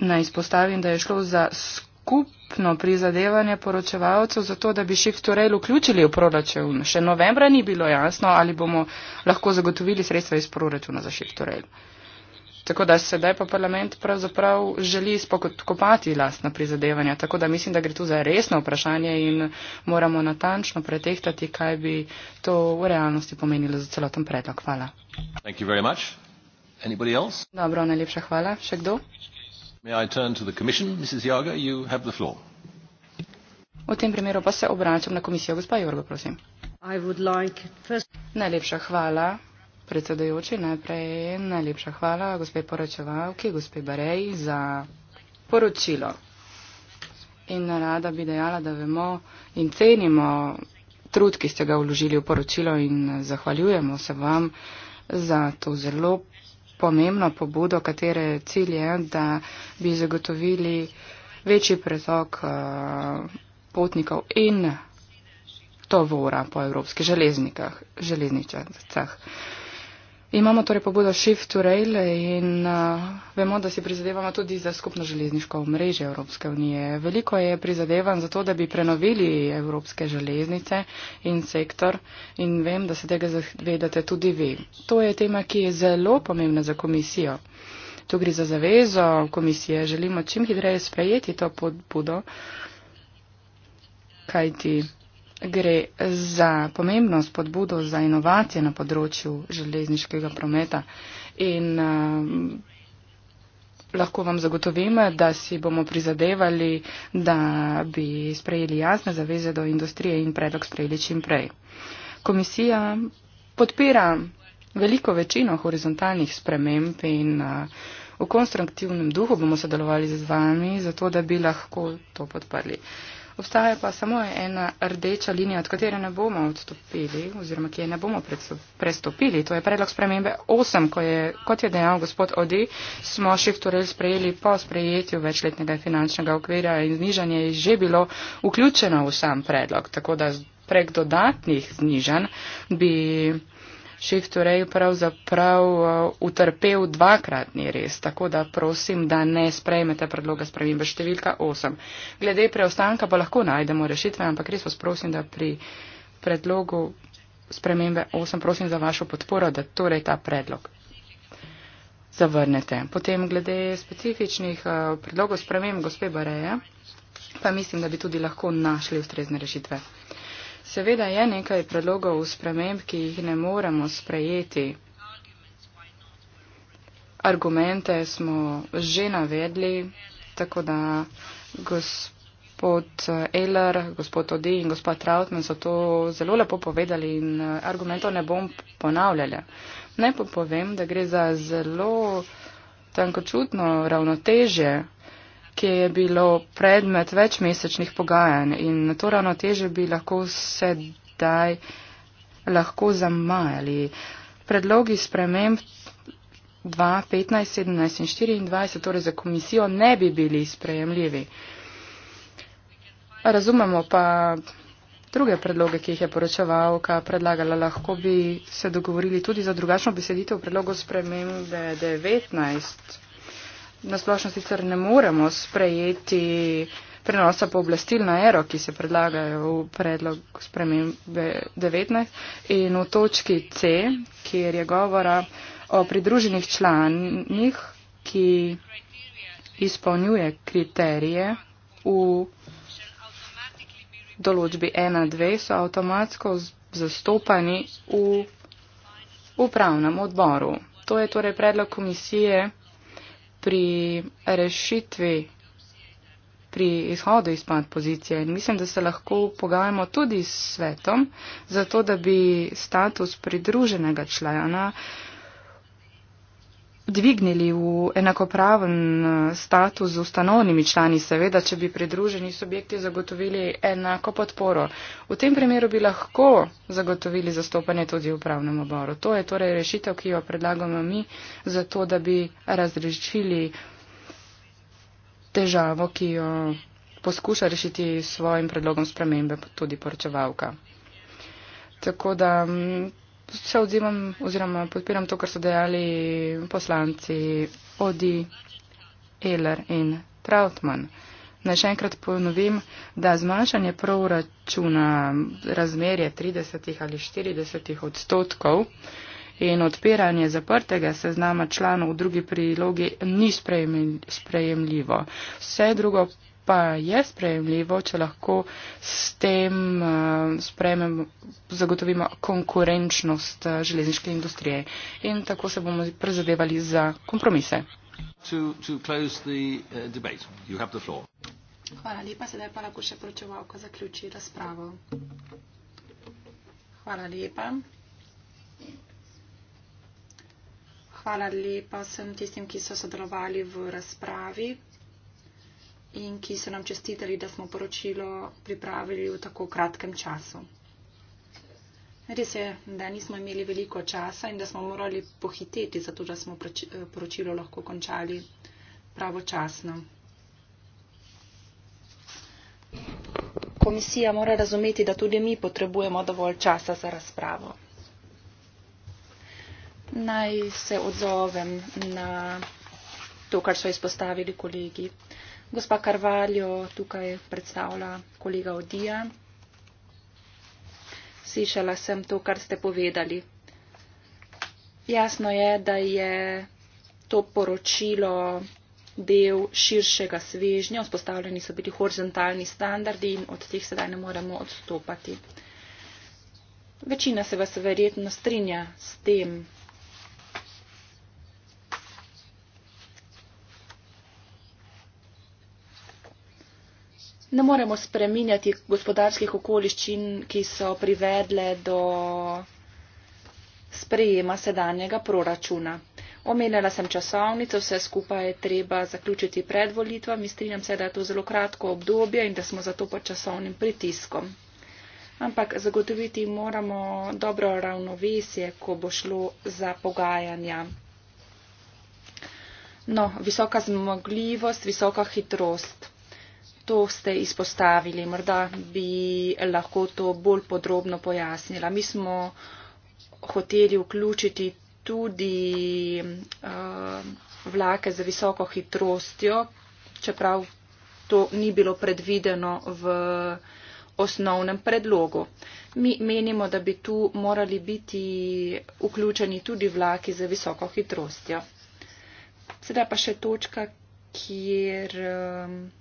Naj izpostavim, da je šlo za skupno prizadevanje poročevalcev za to, da bi Shift to Rail vključili v proračun. Še novembra ni bilo jasno, ali bomo lahko zagotovili sredstva iz proračuna za Shift to Rail. Tako da sedaj pa parlament pravzaprav želi spokopati lastna prizadevanja. Tako da mislim, da gre tu za resno vprašanje in moramo natančno pretehtati, kaj bi to v realnosti pomenilo za celoten predlog. Hvala. Dobro, najlepša hvala. Še kdo? Jager, v tem primeru pa se obračam na komisijo. Gospa Jorgo, prosim. Like first... Najlepša hvala predsedojoči, najprej najlepša hvala gospe poročevalki, gospe Bareji za poročilo. In rada bi dejala, da vemo in cenimo trud, ki ste ga vložili v poročilo in zahvaljujemo se vam za to zelo pomembno pobudo, katere cilj je, da bi zagotovili večji pretok uh, potnikov in tovora po evropskih železnicah. železnicah. Uh, Imamo torej pobudo Shift to Rail in uh, vemo, da si prizadevamo tudi za skupno železniško mrežo Evropske unije. Veliko je prizadevan za to, da bi prenovili evropske železnice in sektor in vem, da se tega zavedate tudi vi. To je tema, ki je zelo pomembna za komisijo. Tu gre za zavezo komisije, želimo čim hitreje sprejeti to pobudo, kajti. Ti gre za pomembno spodbudo za inovacije na področju železniškega prometa. In uh, lahko vam zagotovim, da si bomo prizadevali, da bi sprejeli jasne zaveze do industrije in predlog sprejeli čim prej. Komisija podpira veliko večino horizontalnih sprememb in uh, v konstruktivnem duhu bomo sodelovali z vami, zato da bi lahko to podprli. Uh, Obstaja pa samo ena rdeča linija, od katere ne bomo odstopili oziroma ki je ne bomo prestopili. To je predlog spremembe 8, ko je, kot je dejal gospod Odi, smo šifturel sprejeli po sprejetju večletnega finančnega okvira in znižanje je že bilo vključeno v sam predlog. Tako da prek dodatnih znižanj bi Šef Torej pravzaprav eh, utrpel dvakratni res, tako da prosim, da ne sprejmete predloga spremembe številka 8. Glede preostanka pa lahko najdemo rešitve, ampak res vas prosim, da pri predlogu spremembe 8 prosim za vašo podporo, da torej ta predlog zavrnete. Potem glede specifičnih eh, predlogov sprememb gospe Bareja, pa mislim, da bi tudi lahko našli ustrezne rešitve. Seveda je nekaj predlogov sprememb, ki jih ne moremo sprejeti. Argumente smo že navedli, tako da gospod Eller, gospod Odi in gospod Trautman so to zelo lepo povedali in eh, argumentov ne bom ponavljala. Naj pa povem, da gre za zelo tankočutno ravnotežje ki je bilo predmet večmesečnih pogajanj in na to ravnoteže bi lahko sedaj lahko zamajali. Predlogi sprememb 2, 15, 17 in 24, torej za komisijo, ne bi bili sprejemljivi. Razumemo pa druge predloge, ki jih je poročevalka predlagala. Lahko bi se dogovorili tudi za drugačno besedito v predlogu spremembe 19 nasplošno sicer ne moremo sprejeti prenosa pooblastil na ero, ki se predlagajo v predlog spremembe 19 in v točki C, kjer je govora o pridruženih članih, ki izpolnjuje kriterije v določbi 1.2, so avtomatsko zastopani v upravnem odboru. To je torej predlog komisije pri rešitvi, pri izhodu iz pand pozicije. In mislim, da se lahko pogajamo tudi s svetom, zato da bi status pridruženega člana dvignili v enakopraven eh, status z ustanovnimi člani, seveda, če bi pridruženi subjekti zagotovili enako podporo. V tem primeru bi lahko zagotovili zastopanje tudi v upravnem oboru. To je torej rešitev, ki jo predlagamo mi, zato da bi razrešili težavo, ki jo poskuša rešiti s svojim predlogom spremembe tudi poročevalka. Tako da mm, se odzivam oziroma podpiram to, kar so dejali poslanci Odi, Eler in Trautmann. Naj še enkrat ponovim, da zmanjšanje proračuna razmerje 30 ali 40 odstotkov in odpiranje zaprtega seznama članov v drugi prilogi ni sprejemljivo. Vse drugo pa je sprejemljivo, če lahko s tem eh, sprejemem zagotovimo konkurenčnost eh, železniške industrije. In tako se bomo prezadevali za kompromise. To, to eh, Hvala lepa, sedaj pa lahko še pročevalka zaključi razpravo. Hvala lepa. Hvala lepa vsem tistim, ki so sodelovali v razpravi in ki so nam čestitali, da smo poročilo pripravili v tako kratkem času. Res je, da nismo imeli veliko časa in da smo morali pohiteti, zato da smo poročilo lahko končali pravočasno. Komisija mora razumeti, da tudi mi potrebujemo dovolj časa za razpravo. Naj se odzovem na to, kar so izpostavili kolegi. Uh, Gospa Karvaljo tukaj predstavlja kolega Odija. Slišala sem to, kar ste povedali. Jasno je, da je to poročilo del širšega svežnja, vzpostavljeni so bili horizontalni standardi in od teh sedaj ne moremo odstopati. Večina se vas verjetno strinja s tem, ne moremo spreminjati gospodarskih okoliščin, ki so privedle do sprejema sedanjega proračuna. Omenjala sem časovnico, vse skupaj je treba zaključiti pred volitvami. Strinjam se, da je to zelo kratko obdobje in da smo zato pod časovnim pritiskom. Ampak zagotoviti moramo dobro ravnovesje, ko bo šlo za pogajanja. No, visoka zmogljivost, visoka hitrost to ste izpostavili. Morda bi lahko to bolj podrobno pojasnila. Mi smo hoteli vključiti tudi uh, vlake za visoko hitrostjo, čeprav to ni bilo predvideno v osnovnem predlogu. Mi menimo, da bi tu morali biti vključeni tudi vlaki za visoko hitrostjo. Sedaj pa še točka, kjer. Uh,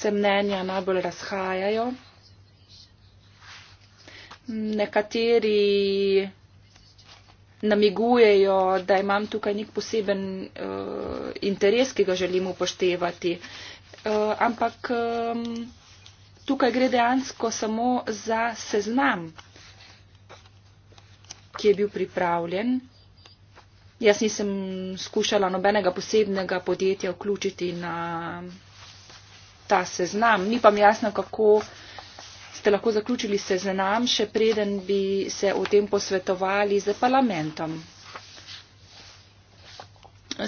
se mnenja najbolj razhajajo. Nekateri namigujejo, da imam tukaj nek poseben uh, interes, ki ga želim upoštevati. Uh, ampak um, tukaj gre dejansko samo za seznam, ki je bil pripravljen. Jaz nisem skušala nobenega posebnega podjetja vključiti na ta seznam. Ni pa mi jasno, kako ste lahko zaključili seznam, še preden bi se o tem posvetovali z parlamentom.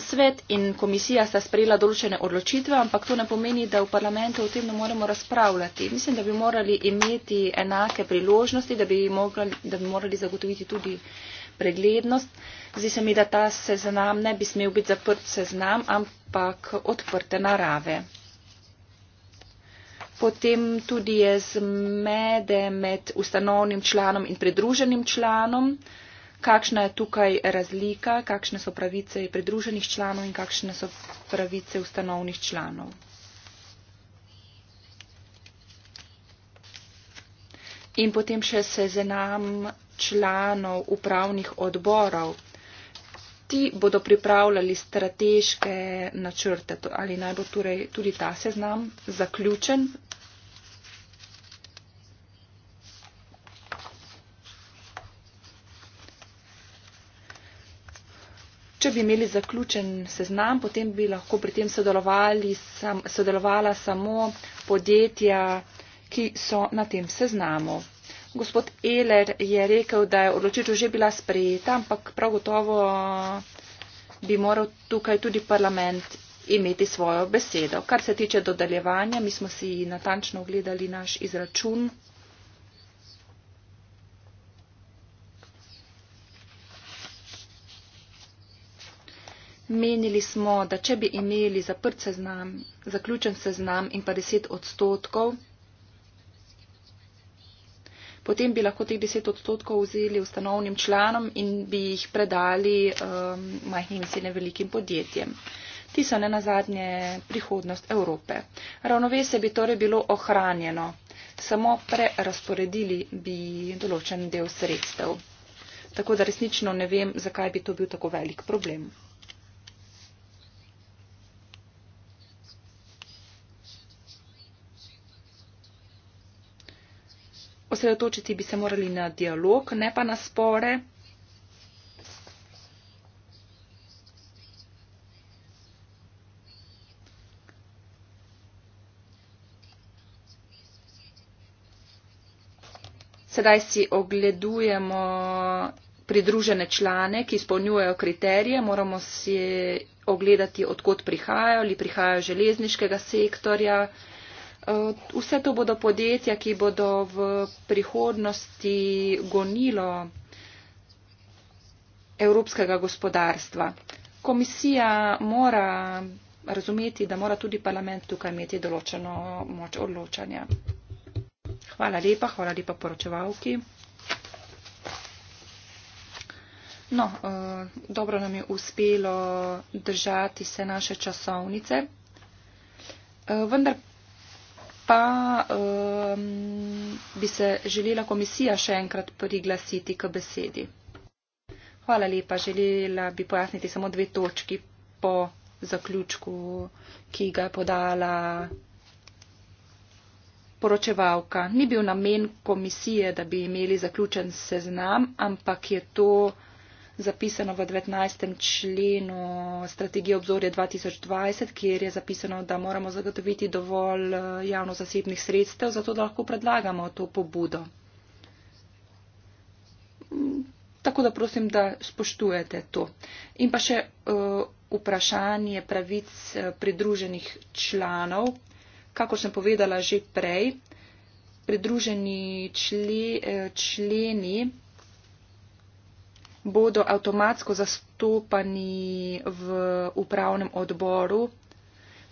Svet in komisija sta sprejela določene odločitve, ampak to ne pomeni, da v parlamentu o tem ne moremo razpravljati. Mislim, da bi morali imeti enake priložnosti, da bi, mogli, da bi morali zagotoviti tudi preglednost. Zdi se mi, da ta seznam ne bi smel biti zaprt seznam, ampak odprte narave. Potem tudi je zmede med ustanovnim članom in pridruženim članom. Kakšna je tukaj razlika, kakšne so pravice pridruženih članov in kakšne so pravice ustanovnih članov. In potem še seznam članov upravnih odborov. Ti bodo pripravljali strateške načrte ali naj bo torej tudi ta seznam zaključen Če bi imeli zaključen seznam, potem bi lahko pri tem sodelovali, sam, sodelovala samo podjetja, ki so na tem seznamu. Gospod Eler je rekel, da je odločitev že bila sprejeta, ampak prav gotovo bi moral tukaj tudi parlament imeti svojo besedo. Kar se tiče dodeljevanja, mi smo si natančno ogledali naš izračun. Menili smo, da če bi imeli zaprt seznam, zaključen seznam in pa 10 odstotkov, potem bi lahko teh 10 odstotkov vzeli ustanovnim članom in bi jih predali um, majhnim in srednjim velikim podjetjem. Ti so ne na zadnje prihodnost Evrope. Ravnovesje bi torej bilo ohranjeno, samo prerasporedili bi določen del sredstev. Tako da resnično ne vem, zakaj bi to bil tako velik problem. osredotočiti bi se morali na dialog, ne pa na spore. Sedaj si ogledujemo pridružene člane, ki izpolnjujejo kriterije. Moramo si ogledati, odkot prihajajo, ali prihajajo železniškega sektorja, Eh, vse to bodo podjetja, ki bodo v prihodnosti gonilo evropskega gospodarstva. Komisija mora razumeti, da mora tudi parlament tukaj imeti določeno moč odločanja. Hvala lepa, hvala lepa poročevalki. No, eh, dobro nam je uspelo držati se naše časovnice. Eh, vendar pa um, bi se želela komisija še enkrat priglasiti k besedi. Hvala lepa. Želela bi pojasniti samo dve točki po zaključku, ki ga je podala poročevalka. Ni bil namen komisije, da bi imeli zaključen seznam, ampak je to zapisano v 19. členu strategije obzorje 2020, kjer je zapisano, da moramo zagotoviti dovolj eh, javno-zasebnih sredstev, zato da lahko predlagamo to pobudo. Mm, tako da prosim, da spoštujete to. In pa še uh, vprašanje pravic eh, pridruženih članov. Kako sem povedala že prej, pridruženi čle, členi bodo avtomatsko zastopani v upravnem odboru.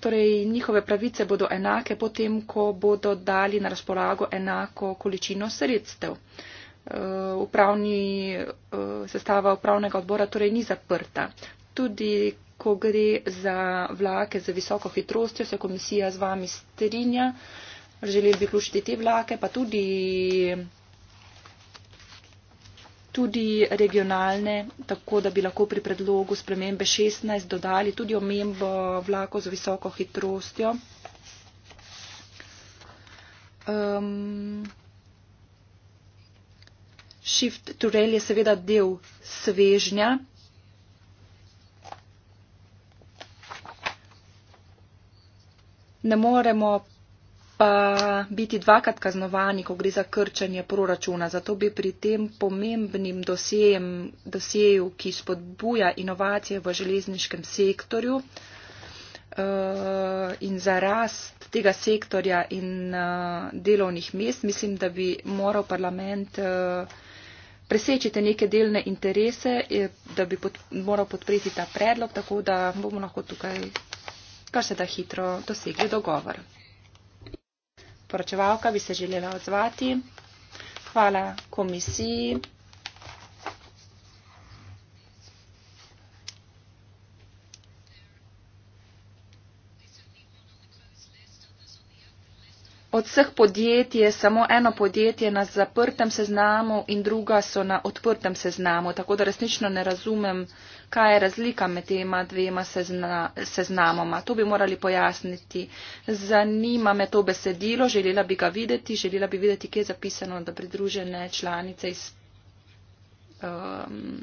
Torej, njihove pravice bodo enake potem, ko bodo dali na razpolago enako količino sredstev. Eh, upravni, eh, sestava upravnega odbora torej ni zaprta. Tudi, ko gre za vlake z visoko hitrostjo, se komisija z vami strinja. Želeli bi vključiti te vlake, pa tudi tudi regionalne, tako da bi lahko pri predlogu spremembe 16 dodali tudi omembo vlako z visoko hitrostjo. Um, shift to rail je seveda del svežnja. Ne moremo biti dvakrat kaznovani, ko gre za krčanje proračuna. Zato bi pri tem pomembnim dosejem, doseju, ki spodbuja inovacije v železniškem sektorju eh, in za rast tega sektorja in eh, delovnih mest, mislim, da bi moral parlament eh, presečite neke delne interese, da bi pod, moral podpreti ta predlog, tako da bomo lahko tukaj kar se da hitro dosegli dogovor poročevalka bi se želela odzvati. Hvala komisiji. od vseh podjetij je samo eno podjetje na zaprtem seznamu in druga so na odprtem seznamu, tako da resnično ne razumem, kaj je razlika med tema dvema sezna, seznamoma. To bi morali pojasniti. Zanima me to besedilo, želela bi ga videti, želela bi videti, kje je zapisano, da pridružene članice iz, um,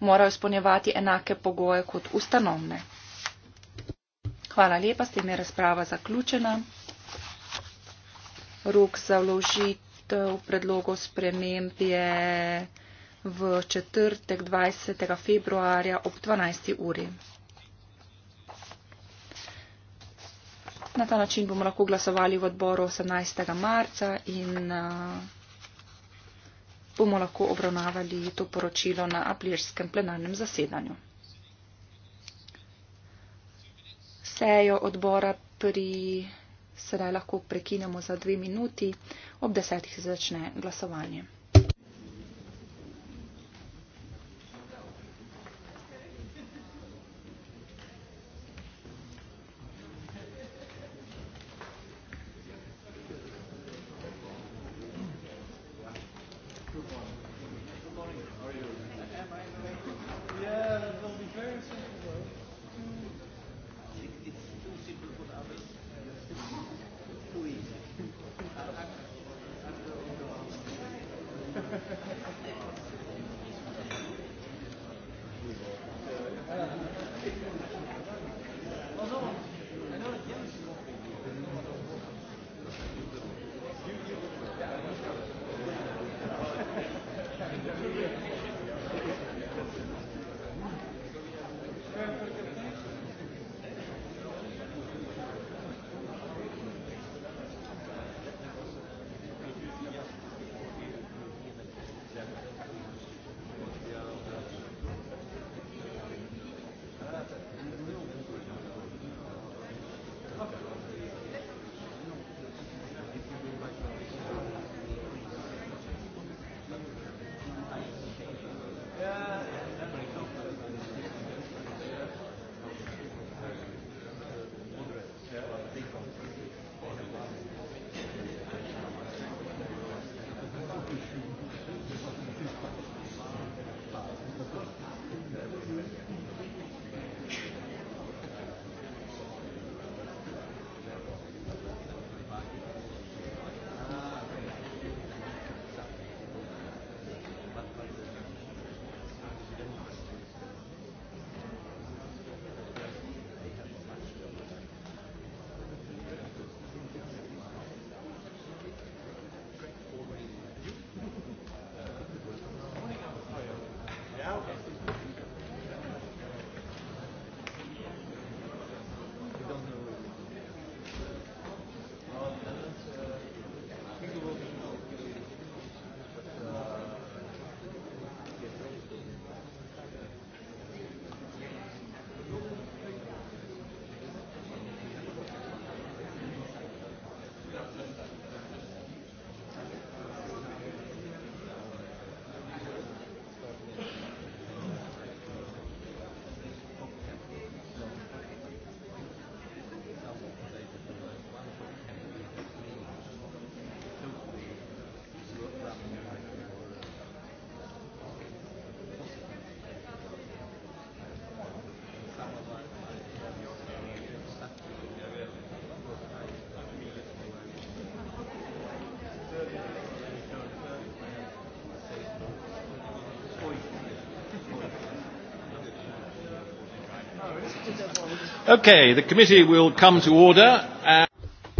morajo spolnjevati enake pogoje kot ustanovne. Hvala lepa, s tem je razprava zaključena rok za vložitev predlogov sprememb je v četrtek 20. februarja ob 12. uri. Na ta način bomo lahko glasovali v odboru 18. marca in bomo lahko obravnavali to poročilo na aprilskem plenarnem zasedanju. Sejo odbora pri Sedaj lahko prekinemo za dve minuti, ob desetih se začne glasovanje.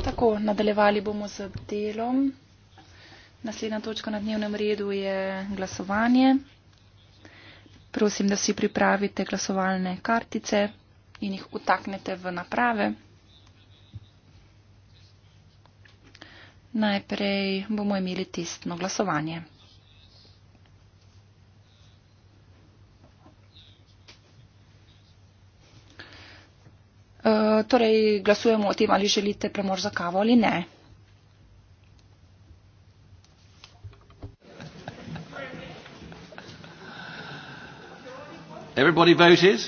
tako nadaljevali bomo z delom naslednja točka na dnevnem redu je glasovanje prosim da si pripravite glasovalne kartice in jih utaknete v naprave najprej bomo imeli testno glasovanje torej glasujemo o tem, ali želite premor za kavo ali ne. Everybody voted.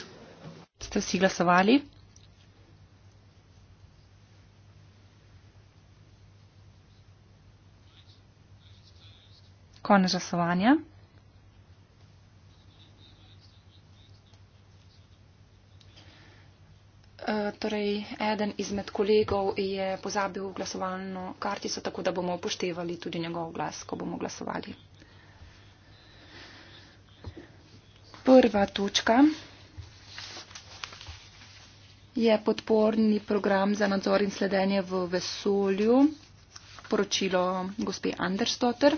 Ste vsi glasovali? Konec glasovanja. torej eden izmed kolegov je pozabil glasovalno kartico, tako da bomo upoštevali tudi njegov glas, ko bomo glasovali. Prva točka je podporni program za nadzor in sledenje v vesolju, poročilo gospe Anderstotter.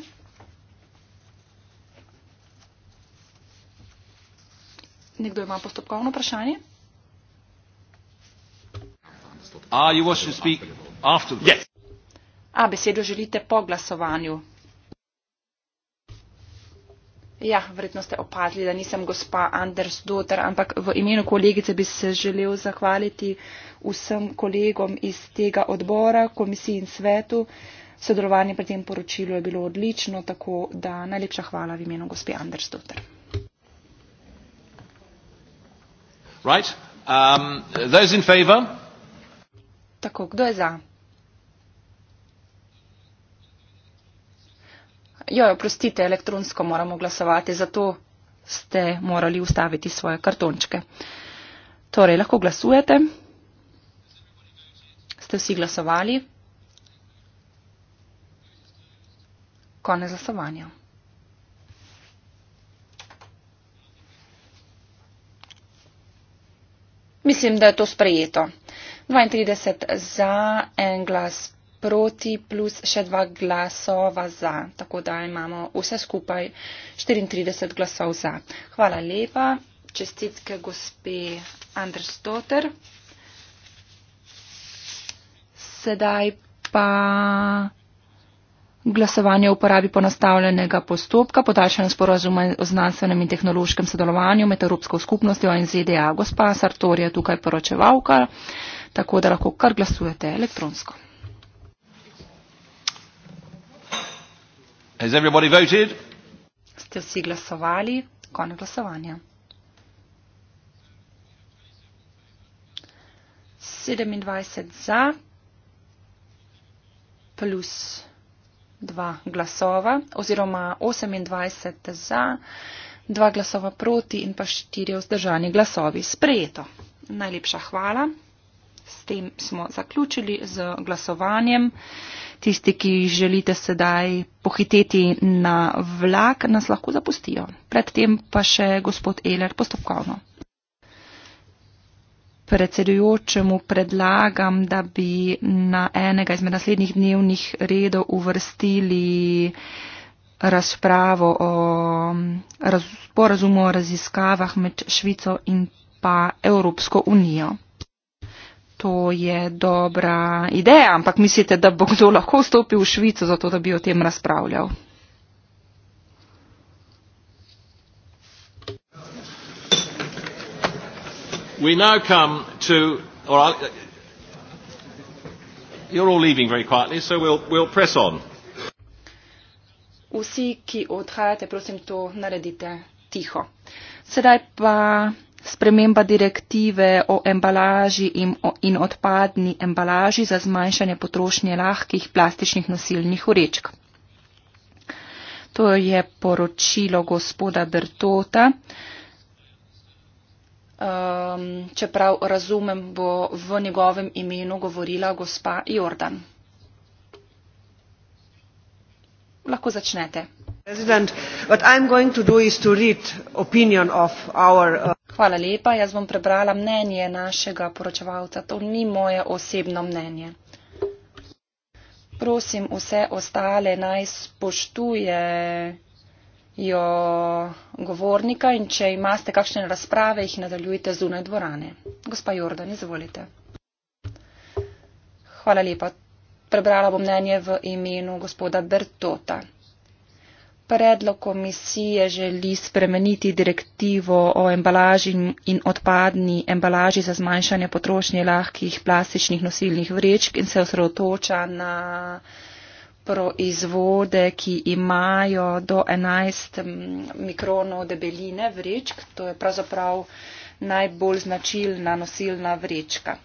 Nekdo ima postopkovno vprašanje? A besedo želite po glasovanju? Ja, vredno ste opazili, da nisem gospa Anders Doter, ampak v imenu kolegice bi se želel zahvaliti vsem kolegom iz tega odbora, komisiji in svetu. Sodelovanje pri tem poročilu je bilo odlično, tako da najlepša hvala v imenu gospe Anders Doter. Right. Um, those in favor? Tako, kdo je za? Jo, oprostite, elektronsko moramo glasovati, zato ste morali ustaviti svoje kartončke. Torej, lahko glasujete. Ste vsi glasovali? Konec glasovanja. Mislim, da je to sprejeto. 32 za, en glas proti, plus še dva glasova za. Tako da imamo vse skupaj 34 glasov za. Hvala lepa. Čestitke gospe Andrstoter. Sedaj pa glasovanje o uporabi ponastavljenega postopka, podaljšanje sporozuma o znanstvenem in tehnološkem sodelovanju med Evropsko skupnostjo in ZDA. Gospa Sartor je tukaj poročevalka tako da lahko kar glasujete elektronsko. Has everybody voted? Ste vsi glasovali? Konec glasovanja. 27 za plus 2 glasova oziroma 28 za, 2 glasova proti in pa 4 vzdržani glasovi. Sprejeto. Najlepša hvala. S tem smo zaključili z glasovanjem. Tisti, ki želite sedaj pohiteti na vlak, nas lahko zapustijo. Predtem pa še gospod Eler postopkovno. Predsedujočemu predlagam, da bi na enega izmed naslednjih dnevnih redov uvrstili razpravo o sporazumu o raziskavah med Švico in pa Evropsko unijo. To je dobra ideja, ampak mislite, da bo kdo lahko vstopil v Švico, zato da bi o tem razpravljal? Vsi, ki odhajate, prosim, to naredite tiho. Sedaj pa sprememba direktive o embalaži in, o, in odpadni embalaži za zmanjšanje potrošnje lahkih plastičnih nosilnih urečk. To je poročilo gospoda Bertota. Um, čeprav razumem, bo v njegovem imenu govorila gospa Jordan. Lahko začnete. Prezident, what I'm going to do is to read opinion of our. Uh... Hvala lepa, jaz bom prebrala mnenje našega poročevalca. To ni moje osebno mnenje. Prosim vse ostale naj spoštujejo govornika in če imate kakšne razprave, jih nadaljujte zunaj dvorane. Gospa Jordan, izvolite. Hvala lepa. Prebrala bom mnenje v imenu gospoda Bertota. Predlog komisije želi spremeniti direktivo o embalaži in odpadni embalaži za zmanjšanje potrošnje lahkih plastičnih nosilnih vrečk in se osredotoča na proizvode, ki imajo do 11 mm, mikronov debeline vrečk. To je pravzaprav najbolj značilna nosilna vrečka.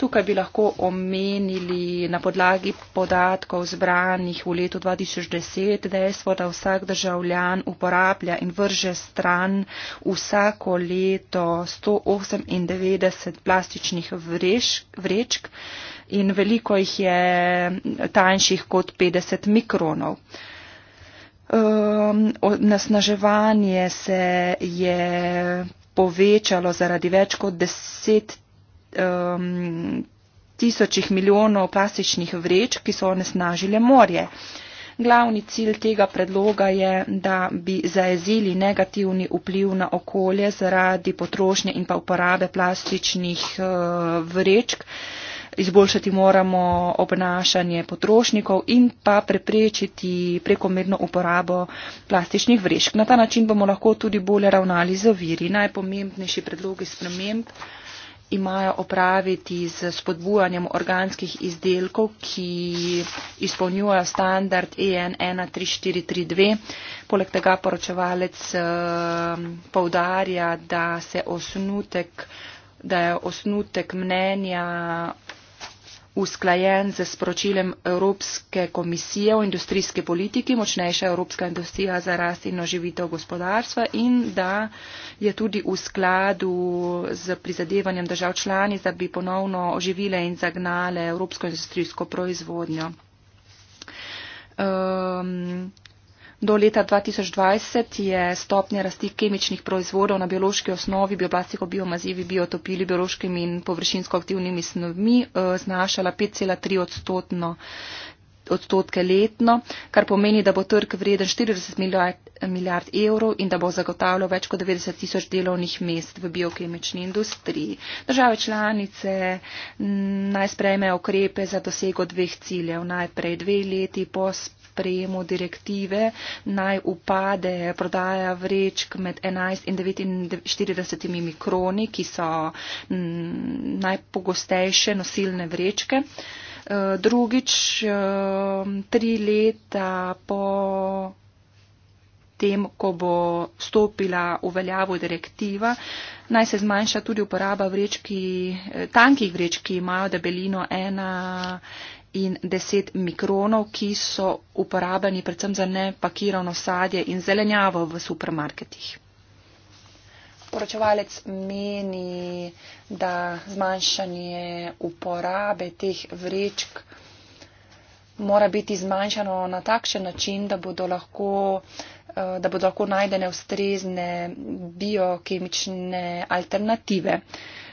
Tukaj bi lahko omenili na podlagi podatkov zbranih v letu 2010 dejstvo, da vsak državljan uporablja in vrže stran vsako leto 198 plastičnih vrečk in veliko jih je tanjših kot 50 mikronov. Um, nasnaževanje se je povečalo zaradi več kot deset um, tisočih milijonov plastičnih vreč, ki so onesnažile morje. Glavni cilj tega predloga je, da bi zaezili negativni vpliv na okolje zaradi potrošnje in pa uporabe plastičnih uh, vrečk. Uh, izboljšati moramo obnašanje potrošnikov in pa preprečiti prekomerno uporabo plastičnih vrešk. Na ta način bomo lahko tudi bolje ravnali z viri. Najpomembnejši predlogi sprememb imajo opraviti z spodbujanjem organskih izdelkov, ki izpolnjujejo standard e EN 13432. Poleg tega poročevalec ehm, poudarja, da, se osnutek, da je osnutek mnenja usklajen z sporočilem Evropske komisije o industrijski politiki, močnejša Evropska industrija za rast in oživitev gospodarstva in da je tudi v skladu z prizadevanjem držav članic, da bi ponovno oživile in zagnale Evropsko industrijsko proizvodnjo. Um, Do leta 2020 je stopnja rasti kemičnih proizvodov na biološki osnovi, bioplastiko, biomazivi, biotopili, biološkimi in površinsko aktivnimi snovmi eh, znašala 5,3 odstotno odstotke letno, kar pomeni, da bo trg vreden 40 milijard, milijard evrov in da bo zagotavljal več kot 90 tisoč delovnih mest v biokemični industriji. Države članice mm, naj sprejme okrepe za dosego dveh ciljev. Najprej dve leti po sprejemu direktive naj upade prodaja vrečk med 11 in 49 mikroni, ki so mm, najpogostejše nosilne vrečke. Eh, drugič, eh, tri leta po tem, ko bo stopila v veljavo direktiva, naj se zmanjša tudi uporaba vrečki, eh, tankih vreč, ki imajo debelino 1 in 10 mikronov, ki so uporabljeni predvsem za nepakirano sadje in zelenjavo v supermarketih. Poročevalec meni, da zmanjšanje uporabe teh vrečk mora biti zmanjšano na takšen način, da bodo lahko, eh, da bodo lahko najdene ustrezne biokemične alternative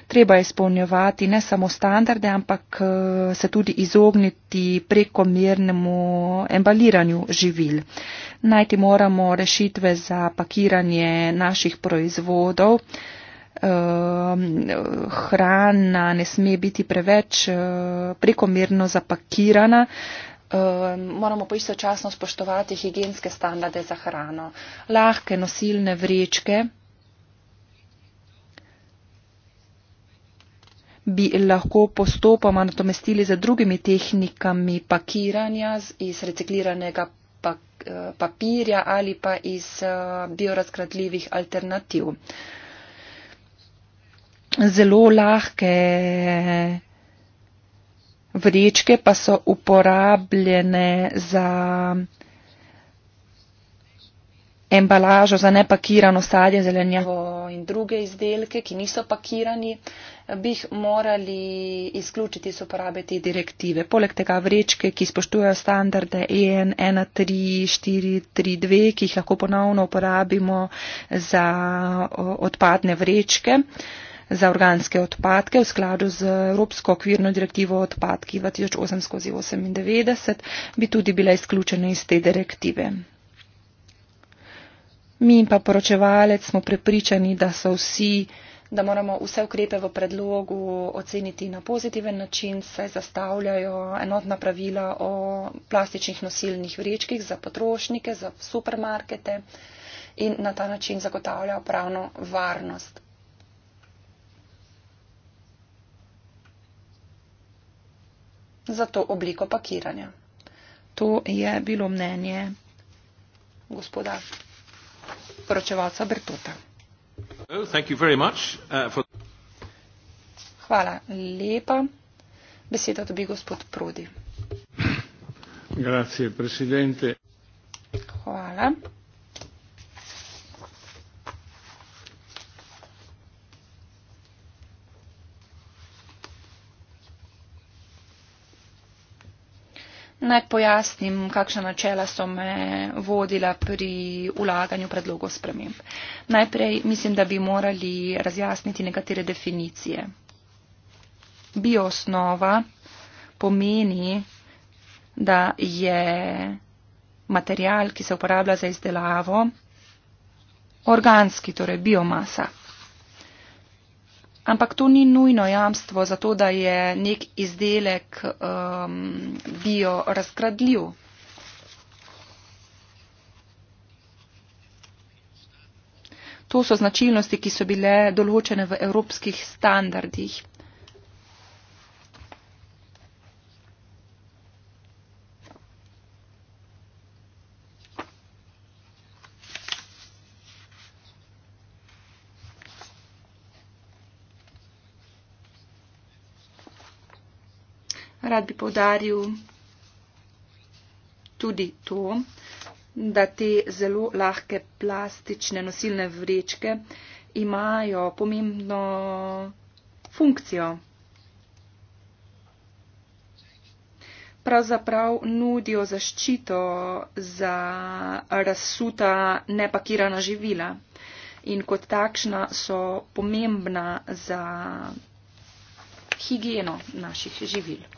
treba izpolnjevati ne samo standarde, ampak eh, se tudi izogniti prekomernemu embaliranju živil. Najti moramo rešitve za pakiranje naših proizvodov. Ehm, hrana ne sme biti preveč eh, prekomerno zapakirana. Ehm, moramo pa istočasno spoštovati higijenske standarde za hrano. Lahke nosilne vrečke bi lahko postopoma nadomestili z drugimi tehnikami pakiranja iz recikliranega eh, papirja ali pa iz eh, biorazgradljivih alternativ. Zelo lahke vrečke pa so uporabljene za embalažo za nepakirano sadje, zelenjavo in druge izdelke, ki niso pakirani, bi jih morali izključiti iz uporabe te direktive. Poleg tega vrečke, ki spoštujejo standarde EN 13432, e ki jih lahko ponovno uporabimo za odpadne vrečke za organske odpadke v skladu z Evropsko okvirno direktivo odpadki 2008-98, bi tudi bila izključena iz te direktive. Mi in pa poročevalec smo prepričani, da so vsi, da moramo vse ukrepe v predlogu oceniti na pozitiven način, saj zastavljajo enotna pravila o plastičnih nosilnih vrečkih za potrošnike, za supermarkete in na ta način zagotavljajo pravno varnost. Za to obliko pakiranja. To je bilo mnenje gospoda poročevalca Bertota. Uh, Hvala lepa. Beseda dobi gospod Prodi. Grazie, Hvala. Naj pojasnim, kakšna načela so me vodila pri ulaganju predlogov sprememb. Najprej mislim, da bi morali razjasniti nekatere definicije. Biosnova pomeni, da je material, ki se uporablja za izdelavo, organski, torej biomasa. Ampak to ni nujno jamstvo za to, da je nek izdelek um, bio razkradljiv. To so značilnosti, ki so bile določene v evropskih standardih. rad bi povdaril tudi to, da te zelo lahke plastične nosilne vrečke imajo pomembno funkcijo. Pravzaprav nudijo zaščito za razsuta nepakirana živila in kot takšna so pomembna za higieno naših živil.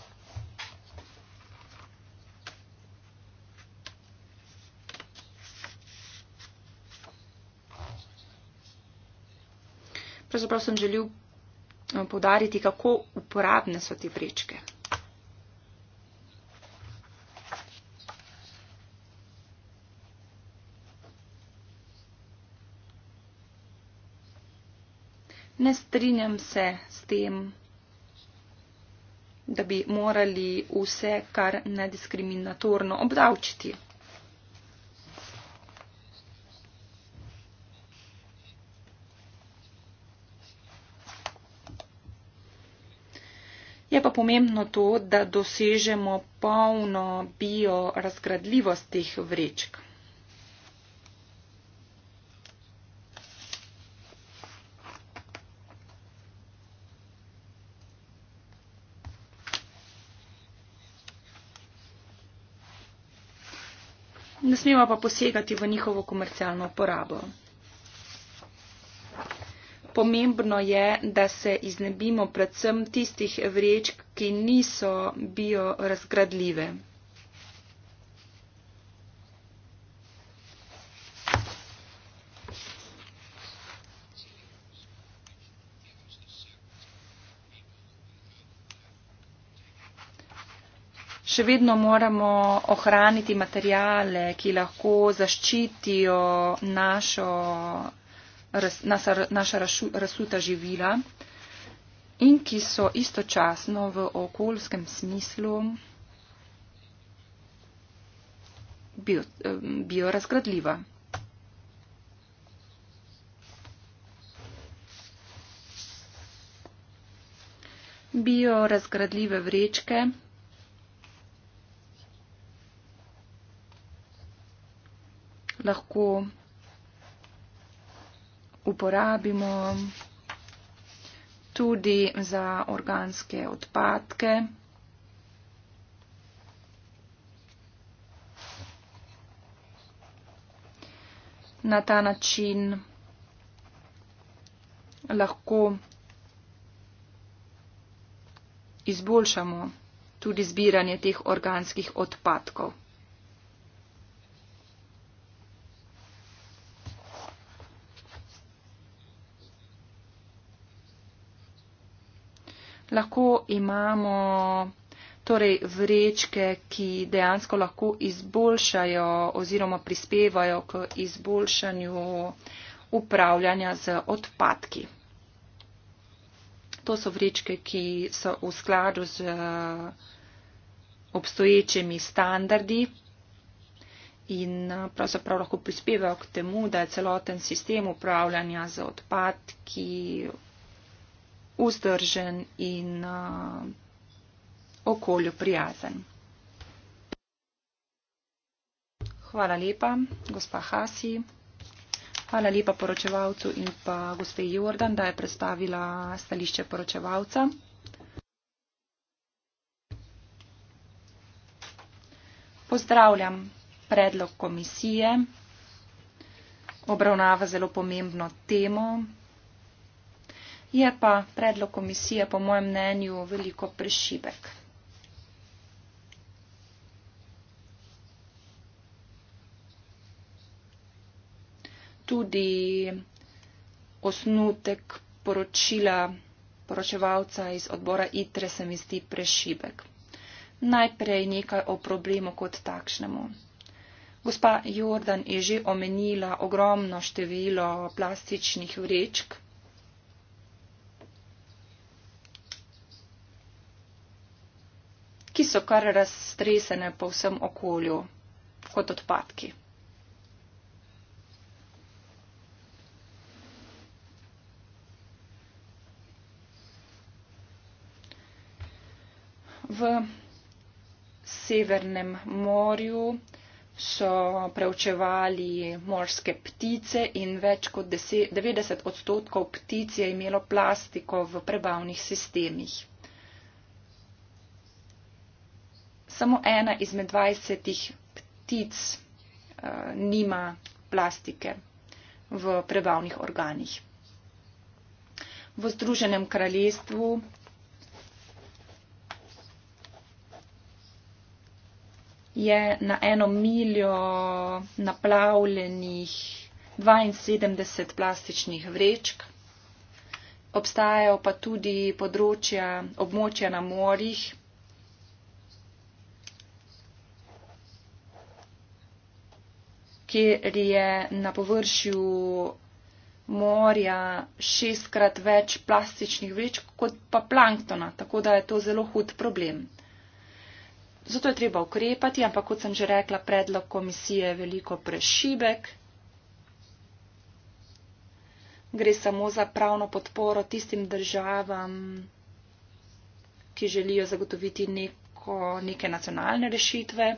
pravzaprav sem želel eh, podariti, kako uporabne so te vrečke. Ne strinjam se s tem, da bi morali vse kar nediskriminatorno obdavčiti. pomembno to, da dosežemo polno biorazgradljivost teh vrečk. Ne smemo pa posegati v njihovo komercialno uporabo pomembno je, da se iznebimo predvsem tistih vrečk, ki niso biorazgradljive. Še vedno moramo ohraniti materijale, ki lahko zaščitijo našo naša, naša razsuta živila in ki so istočasno v okoljskem smislu bio, biorazgradljiva. Biorazgradljive vrečke lahko uporabimo tudi za organske odpadke. Na ta način lahko izboljšamo tudi zbiranje teh organskih odpadkov. lahko imamo torej vrečke, ki dejansko lahko izboljšajo oziroma prispevajo k izboljšanju upravljanja z odpadki. To so vrečke, ki so v skladu z obstoječimi standardi in pravzaprav lahko prispevajo k temu, da je celoten sistem upravljanja z odpadki vzdržen in okolju prijazen. Hvala lepa, gospa Hasi. Hvala lepa poročevalcu in pa gospe Jordan, da je predstavila stališče poročevalca. Pozdravljam predlog komisije, obravnava zelo pomembno temo, Je pa predlog komisije, po mojem mnenju, veliko prešibek. Tudi osnutek poročila poročevalca iz odbora ITRE se mi zdi prešibek. Najprej nekaj o problemu kot takšnemu. Gospa Jordan je že omenila ogromno število plastičnih vrečk, so kar raztresene po vsem okolju kot odpadki. V Severnem morju so preučevali morske ptice in več kot deset, 90 odstotkov ptic je imelo plastiko v prebavnih sistemih. samo ena izmed dvajsetih ptic eh, nima plastike v prebavnih organih. V Združenem kraljestvu je na eno miljo naplavljenih 72 plastičnih vrečk. Obstajajo pa tudi področja območja na morjih, kjer je na površju morja šestkrat več plastičnih vrečk kot pa planktona, tako da je to zelo hud problem. Zato je treba ukrepati, ampak kot sem že rekla, predlog komisije je veliko prešibek. Gre samo za pravno podporo tistim državam, ki želijo zagotoviti neko, neke nacionalne rešitve.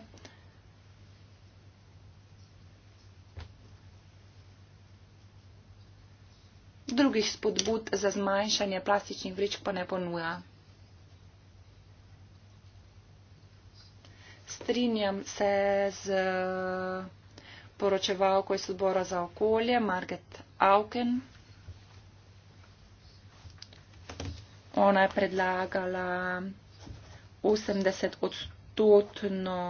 drugih spodbud za zmanjšanje plastičnih vrečk pa ne ponuja. Strinjam se z eh, poročevalko iz odbora za okolje, Marget Auken. Ona je predlagala 80 odstotno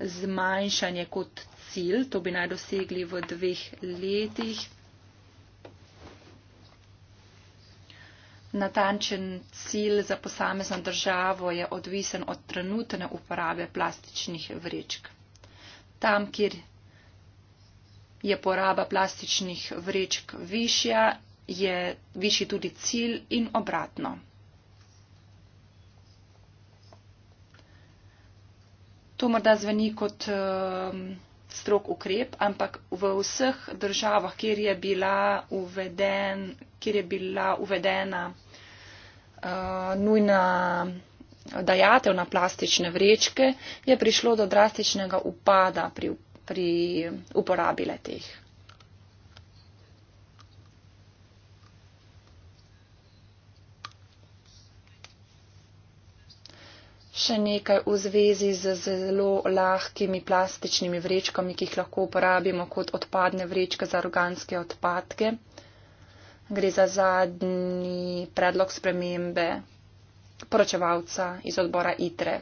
zmanjšanje kot cilj, to bi naj dosegli v dveh letih. natančen cilj za posamezno državo je odvisen od trenutne uporabe plastičnih vrečk. Tam, kjer je poraba plastičnih vrečk višja, je višji tudi cilj in obratno. To morda zveni kot um, strok ukrep, ampak v vseh državah, kjer je bila, uveden, kjer je bila uvedena uh, nujna dajatev na plastične vrečke, je prišlo do drastičnega upada pri, pri uporabi letih. Še nekaj v zvezi z zelo lahkimi plastičnimi vrečkami, ki jih lahko uporabimo kot odpadne vrečke za organske odpadke gre za zadnji predlog spremembe poročevalca iz odbora ITRE.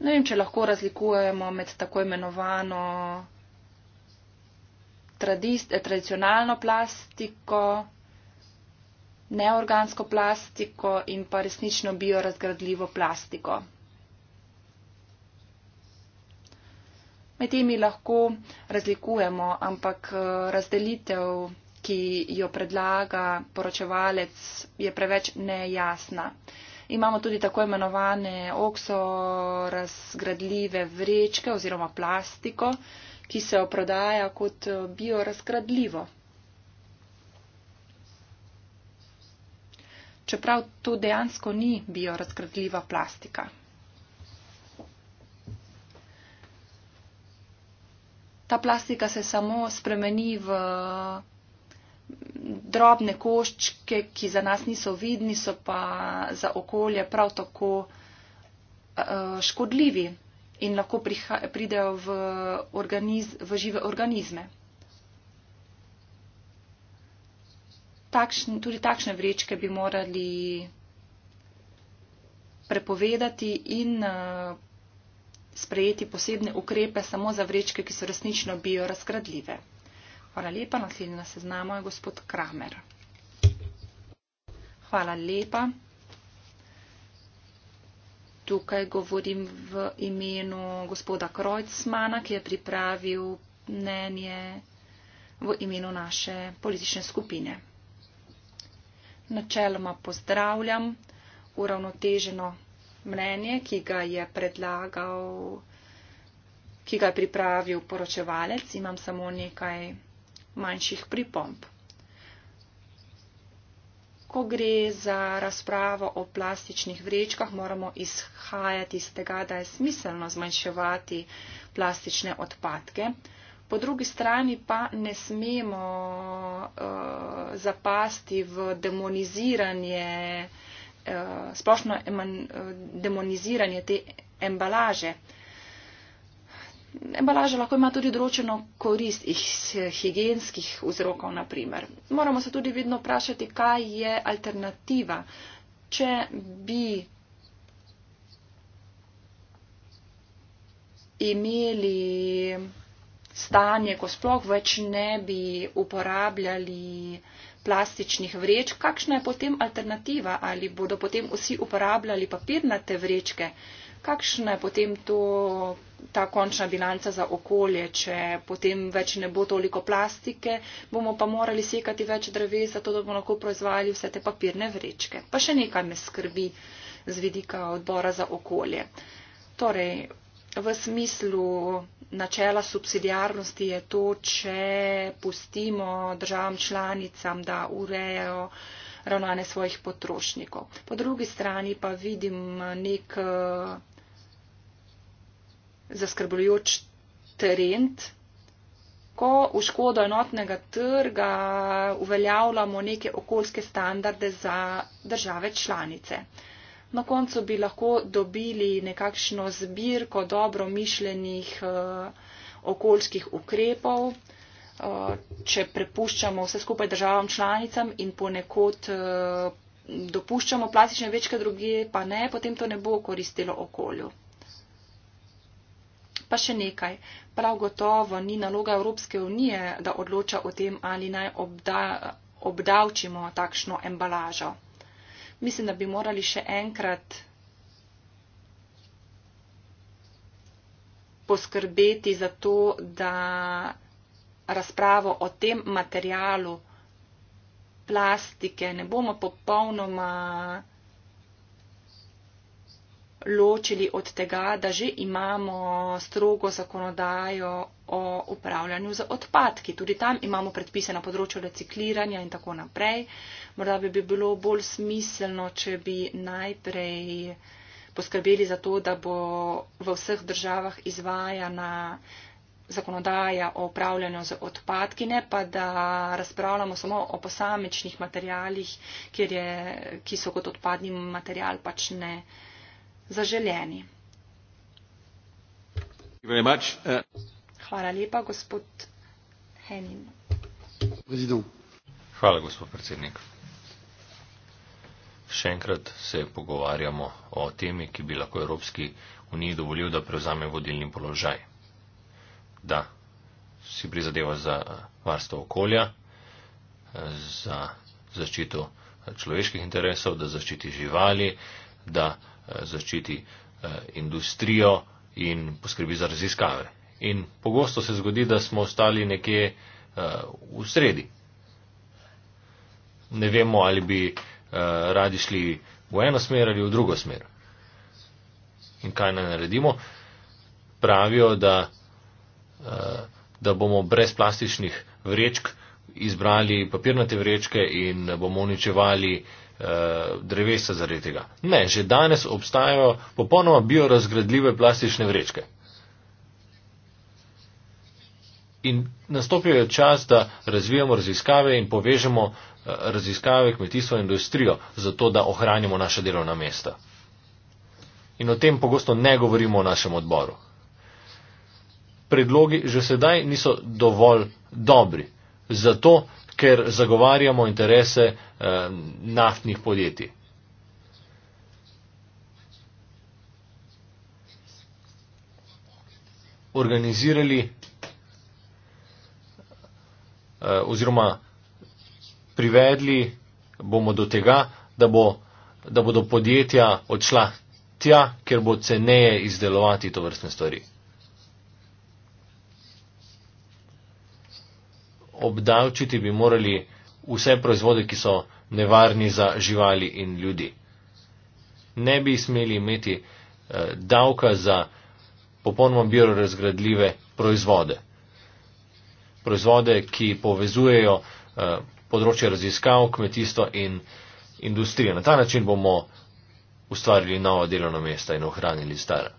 Ne vem, če lahko razlikujemo med tako imenovano tradicionalno plastiko, neorgansko plastiko in pa resnično biorazgradljivo plastiko. med temi lahko razlikujemo, ampak eh, razdelitev, ki jo predlaga poročevalec, je preveč nejasna. Imamo tudi tako imenovane oksorazgradljive vrečke oziroma plastiko, ki se oprodaja kot eh, biorazgradljivo. Čeprav to dejansko ni biorazgradljiva plastika. ta plastika se samo spremeni v mm, drobne koščke, ki za nas niso vidni, so pa za okolje prav tako eh, eh, škodljivi in lahko pridejo v, organiz, v žive organizme. Takšne, tudi takšne vrečke bi morali prepovedati in uh, sprejeti posebne ukrepe samo za vrečke, ki so resnično bio razkradljive. Hvala lepa, naslednji na seznamu je gospod Kramer. Hvala lepa. Tukaj govorim v imenu gospoda Krojcmana, ki je pripravil mnenje v imenu naše politične skupine. Načeloma pozdravljam uravnoteženo mnenje, ki ga je predlagal, ki ga je pripravil poročevalec, imam samo nekaj manjših pripomb. Ko gre za razpravo o plastičnih vrečkah, moramo izhajati iz tega, da je smiselno zmanjševati plastične odpadke. Po drugi strani pa ne smemo uh, zapasti v demoniziranje uh, Eh, splošno eh, demoniziranje te embalaže. Embalaža lahko ima tudi določeno korist iz eh, higijenskih vzrokov, naprimer. Moramo se tudi vedno vprašati, kaj je alternativa. Če bi imeli stanje, ko sploh več ne bi uporabljali uh, plastičnih vreč, kakšna je potem alternativa, ali bodo potem vsi uporabljali papirnate vrečke, kakšna je potem to, ta končna bilanca za okolje, če potem več ne bo toliko plastike, bomo pa morali sekati več dreves, zato da bomo lahko proizvajali vse te papirne vrečke. Pa še nekaj me skrbi z vidika odbora za okolje. Torej, v smislu načela subsidiarnosti je to, če pustimo državam članicam, da urejajo ravnane svojih potrošnikov. Po drugi strani pa vidim nek eh, zaskrbljujoč trend, ko v škodo enotnega trga uveljavljamo neke okoljske standarde za države članice na koncu bi lahko dobili nekakšno zbirko dobro mišljenih eh, okoljskih ukrepov, eh, če prepuščamo vse skupaj državam članicam in ponekod eh, dopuščamo plastične večke druge, pa ne, potem to ne bo koristilo okolju. Pa še nekaj. Prav gotovo ni naloga Evropske unije, da odloča o tem, ali naj obda, obdavčimo takšno embalažo mislim, da bi morali še enkrat poskrbeti za to, da razpravo o tem materialu plastike ne bomo popolnoma ločili od tega, da že imamo strogo zakonodajo o upravljanju z odpadki. Tudi tam imamo predpise na področju recikliranja in tako naprej. Morda bi bilo bolj smiselno, če bi najprej poskrbeli za to, da bo v vseh državah izvajana zakonodaja o upravljanju z odpadki, ne pa da razpravljamo samo o posamičnih materialih, je, ki so kot odpadni material pač ne zaželeni. Uh, Hvala lepa, gospod Henin. Hvala, gospod predsednik. Še enkrat se pogovarjamo o temi, ki bi lahko Evropski uniji dovolil, da prevzame vodilni položaj. Da si prizadeva za varstvo okolja, za zaščito človeških interesov, da zaščiti živali, da zaščiti eh, industrijo in poskrbi za raziskave. In pogosto se zgodi, da smo ostali nekje eh, v sredi. Ne vemo, ali bi eh, radi šli v eno smer ali v drugo smer. In kaj naj naredimo? Pravijo, da, da bomo brez plastičnih vrečk izbrali papirnate vrečke in bomo uničevali uh, Eh, drevesa zaradi tega. Ne, že danes obstajajo popolnoma biorazgradljive plastične vrečke. In nastopil je čas, da razvijamo raziskave in povežemo eh, raziskave kmetijstva in industrijo, zato da ohranjamo naše delovna mesta. In o tem pogosto ne govorimo v našem odboru. Predlogi že sedaj niso dovolj dobri. Zato ker zagovarjamo interese eh, naftnih podjetij. Organizirali eh, oziroma privedli bomo do tega, da, bo, da bodo podjetja odšla tja, ker bo ceneje izdelovati to vrstne stvari. obdavčiti bi morali vse proizvode, ki so nevarni za živali in ljudi. Ne bi smeli imeti eh, davka za popolnoma biorazgradljive proizvode. Proizvode, ki povezujejo eh, področje raziskav, kmetijstvo in industrijo. Na ta način bomo ustvarili nova delovna mesta in ohranili stara.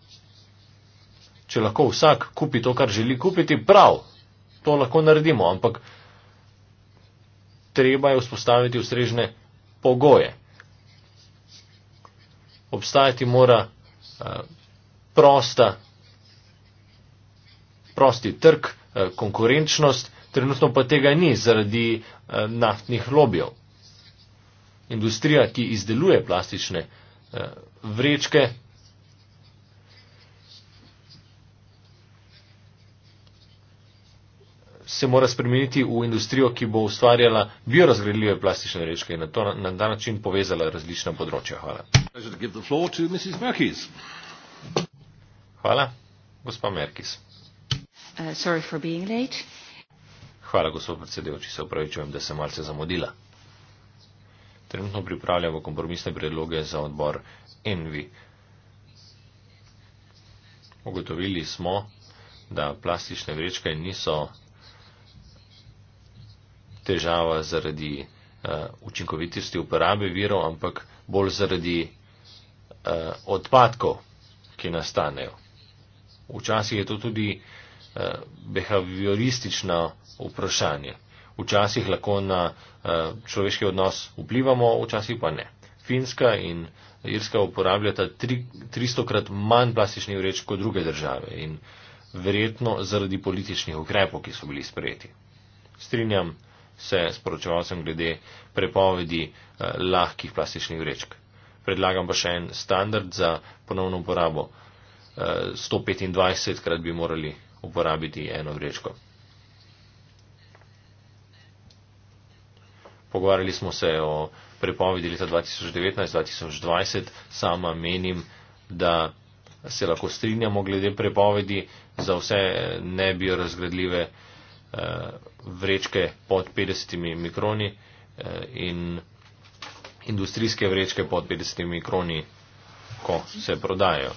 Če lahko vsak kupi to, kar želi kupiti, prav, to lahko naredimo, ampak treba je vzpostaviti ustrežne pogoje. Obstajati mora eh, prosta, prosti trg, eh, konkurenčnost, trenutno pa tega ni zaradi eh, naftnih lobijov. Industrija, ki izdeluje plastične vrečke, se mora spremeniti v industrijo, ki bo ustvarjala biorazgradljive plastične vrečke in na, na ta način povezala različna področja. Hvala. Hvala, gospa Merkis. Uh, Hvala, gospod predsedevoči, se upravičujem, da sem malce zamudila. Trenutno pripravljamo kompromisne predloge za odbor Envi. Ugotovili smo, da plastične vrečke niso težava zaradi uh, učinkovitosti uporabe virov, ampak bolj zaradi uh, odpadkov, ki nastanejo. Včasih je to tudi uh, behavioristično vprašanje. Včasih lahko na uh, človeški odnos vplivamo, včasih pa ne. Finska in Irska uporabljata tri, 300 krat manj plastičnih vreč kot druge države in verjetno zaradi političnih ukrepov, ki so bili sprejeti. Strinjam se sporočeval sem glede prepovedi eh, lahkih plastičnih vrečk. Predlagam pa še en standard za ponovno uporabo. 125 eh, krat bi morali uporabiti eno vrečko. Pogovarjali smo se o prepovedi leta 2019-2020. Sama menim, da se lahko strinjamo glede prepovedi za vse eh, nebiorazgradljive vrečke. Eh, vrečke pod 50 mikroni eh, in industrijske vrečke pod 50 mikroni, ko se prodajo.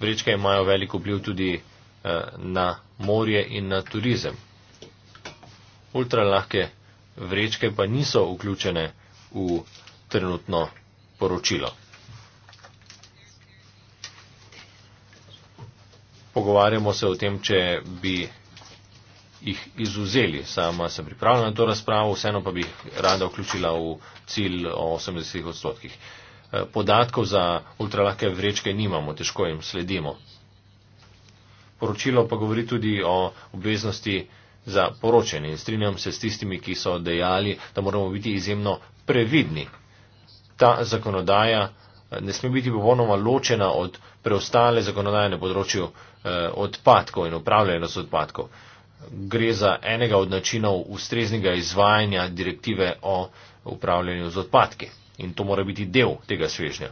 Vrečke imajo veliko vpliv tudi eh, na morje in na turizem. Ultralahke vrečke pa niso vključene v trenutno poročilo. pogovarjamo se o tem, če bi jih izuzeli. Sama sem pripravljena na to razpravo, vseeno pa bi jih rada vključila v cilj o 80 odstotkih. Eh, podatkov za ultralahke vrečke nimamo, težko jim sledimo. Poročilo pa govori tudi o obveznosti za poročanje in strinjam se s tistimi, ki so dejali, da moramo biti izjemno previdni. Ta zakonodaja eh, ne sme biti popolnoma ločena od preostale zakonodaje na področju Eh, odpadkov in upravljanja z odpadkov. Gre za enega od načinov ustreznega izvajanja direktive o upravljanju z odpadki in to mora biti del tega svežnja.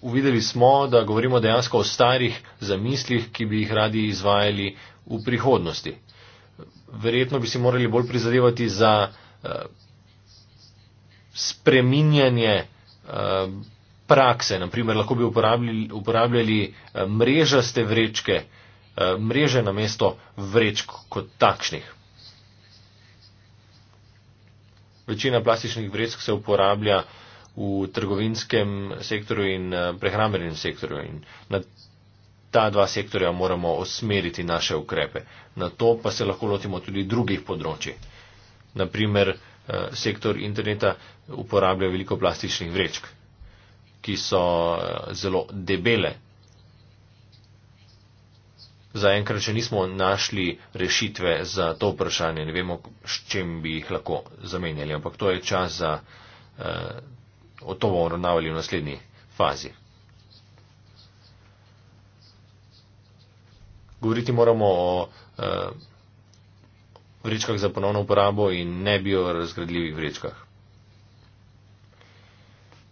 Uvideli smo, da govorimo dejansko o starih zamislih, ki bi jih radi izvajali v prihodnosti. Verjetno bi si morali bolj prizadevati za uh, spreminjanje uh, prakse. Naprimer, lahko bi uporabljali, uporabljali eh, mrežaste vrečke, eh, mreže na mesto vrečk kot takšnih. Večina plastičnih vrečk se uporablja v trgovinskem sektorju in eh, prehrambenem sektorju. In na ta dva sektorja moramo osmeriti naše ukrepe. Na to pa se lahko lotimo tudi drugih področji. Naprimer, sektor interneta uporablja veliko plastičnih vrečk ki so eh, zelo debele. Zaenkrat še nismo našli rešitve za to vprašanje, ne vemo, s čem bi jih lahko zamenjali, ampak to je čas za eh, to bomo ravnavali v naslednji fazi. Govoriti moramo o eh, vrečkah za ponovno uporabo in ne bi o razgradljivih vrečkah.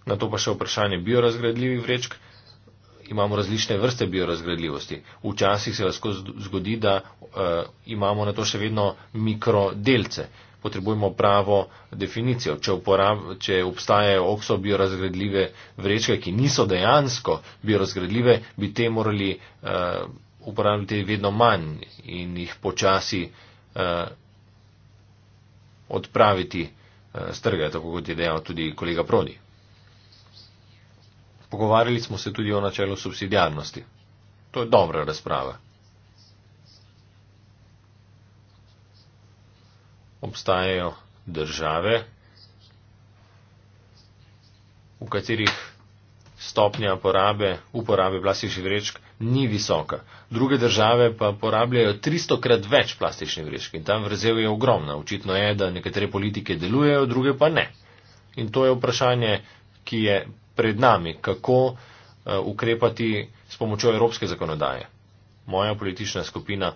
Na to pa še vprašanje biorazgradljivih vrečk. Imamo različne vrste biorazgradljivosti. Včasih se lahko zgodi, da uh, imamo na to še vedno mikrodelce. Potrebujemo pravo definicijo. Če, uporab, če obstajajo okso biorazgradljive vrečke, ki niso dejansko biorazgradljive, bi te morali uh, uporabljati vedno manj in jih počasi uh, odpraviti uh, strga, tako kot je dejal tudi kolega Prodi. Pogovarjali smo se tudi o načelu subsidijarnosti. To je dobra razprava. Obstajajo države, v katerih stopnja porabe, uporabe plastičnih vrečk ni visoka. Druge države pa porabljajo 300 krat več plastičnih vrečk in tam vrzel je ogromna. Očitno je, da nekatere politike delujejo, druge pa ne. In to je vprašanje, ki je pred nami, kako eh, ukrepati s pomočjo evropske zakonodaje. Moja politična skupina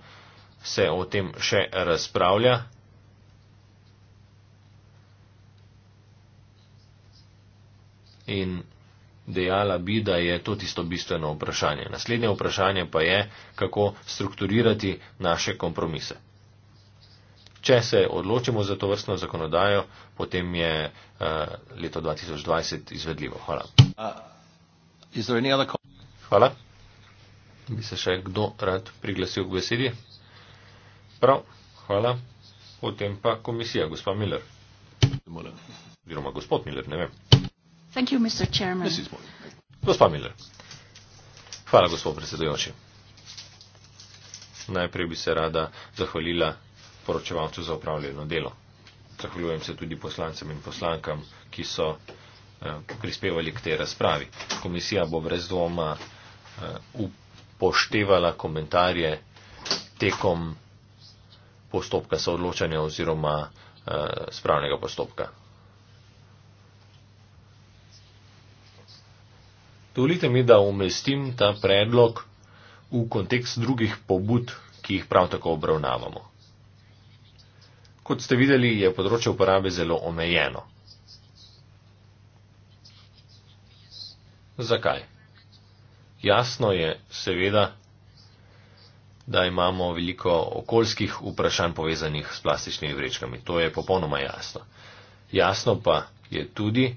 se o tem še razpravlja. In dejala bi, da je to tisto bistveno vprašanje. Naslednje vprašanje pa je, kako strukturirati naše kompromise. Če se odločimo za to vrstno zakonodajo, potem je uh, leto 2020 izvedljivo. Hvala. Uh, hvala. Bi se še kdo rad priglasil k besedi? Prav, hvala. Potem pa komisija, gospa Miller. Viroma gospod Miller, ne vem. You, gospa Miller. Hvala, gospod predsedujoči. Najprej bi se rada zahvalila poročevalcu za upravljeno delo. Zahvaljujem se tudi poslancem in poslankam, ki so eh, prispevali k tej razpravi. Komisija bo brez dvoma eh, upoštevala komentarje tekom postopka soodločanja oziroma eh, spravnega postopka. Dovolite mi, da umestim ta predlog v kontekst drugih pobud, ki jih prav tako obravnavamo. Kot ste videli, je področje uporabe zelo omejeno. Zakaj? Jasno je seveda, da imamo veliko okoljskih vprašanj povezanih s plastičnimi vrečkami. To je popolnoma jasno. Jasno pa je tudi,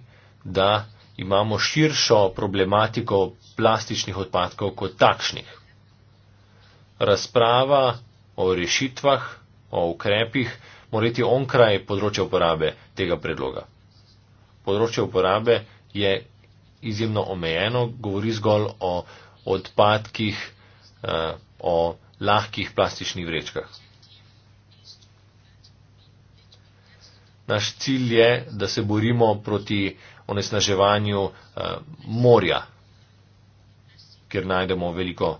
da imamo širšo problematiko plastičnih odpadkov kot takšnih. Razprava o rešitvah, o ukrepih, morati onkraj področja uporabe tega predloga. Področje uporabe je izjemno omejeno, govori zgolj o odpadkih, eh, o lahkih plastičnih vrečkah. Naš cilj je, da se borimo proti onesnaževanju eh, morja, kjer najdemo veliko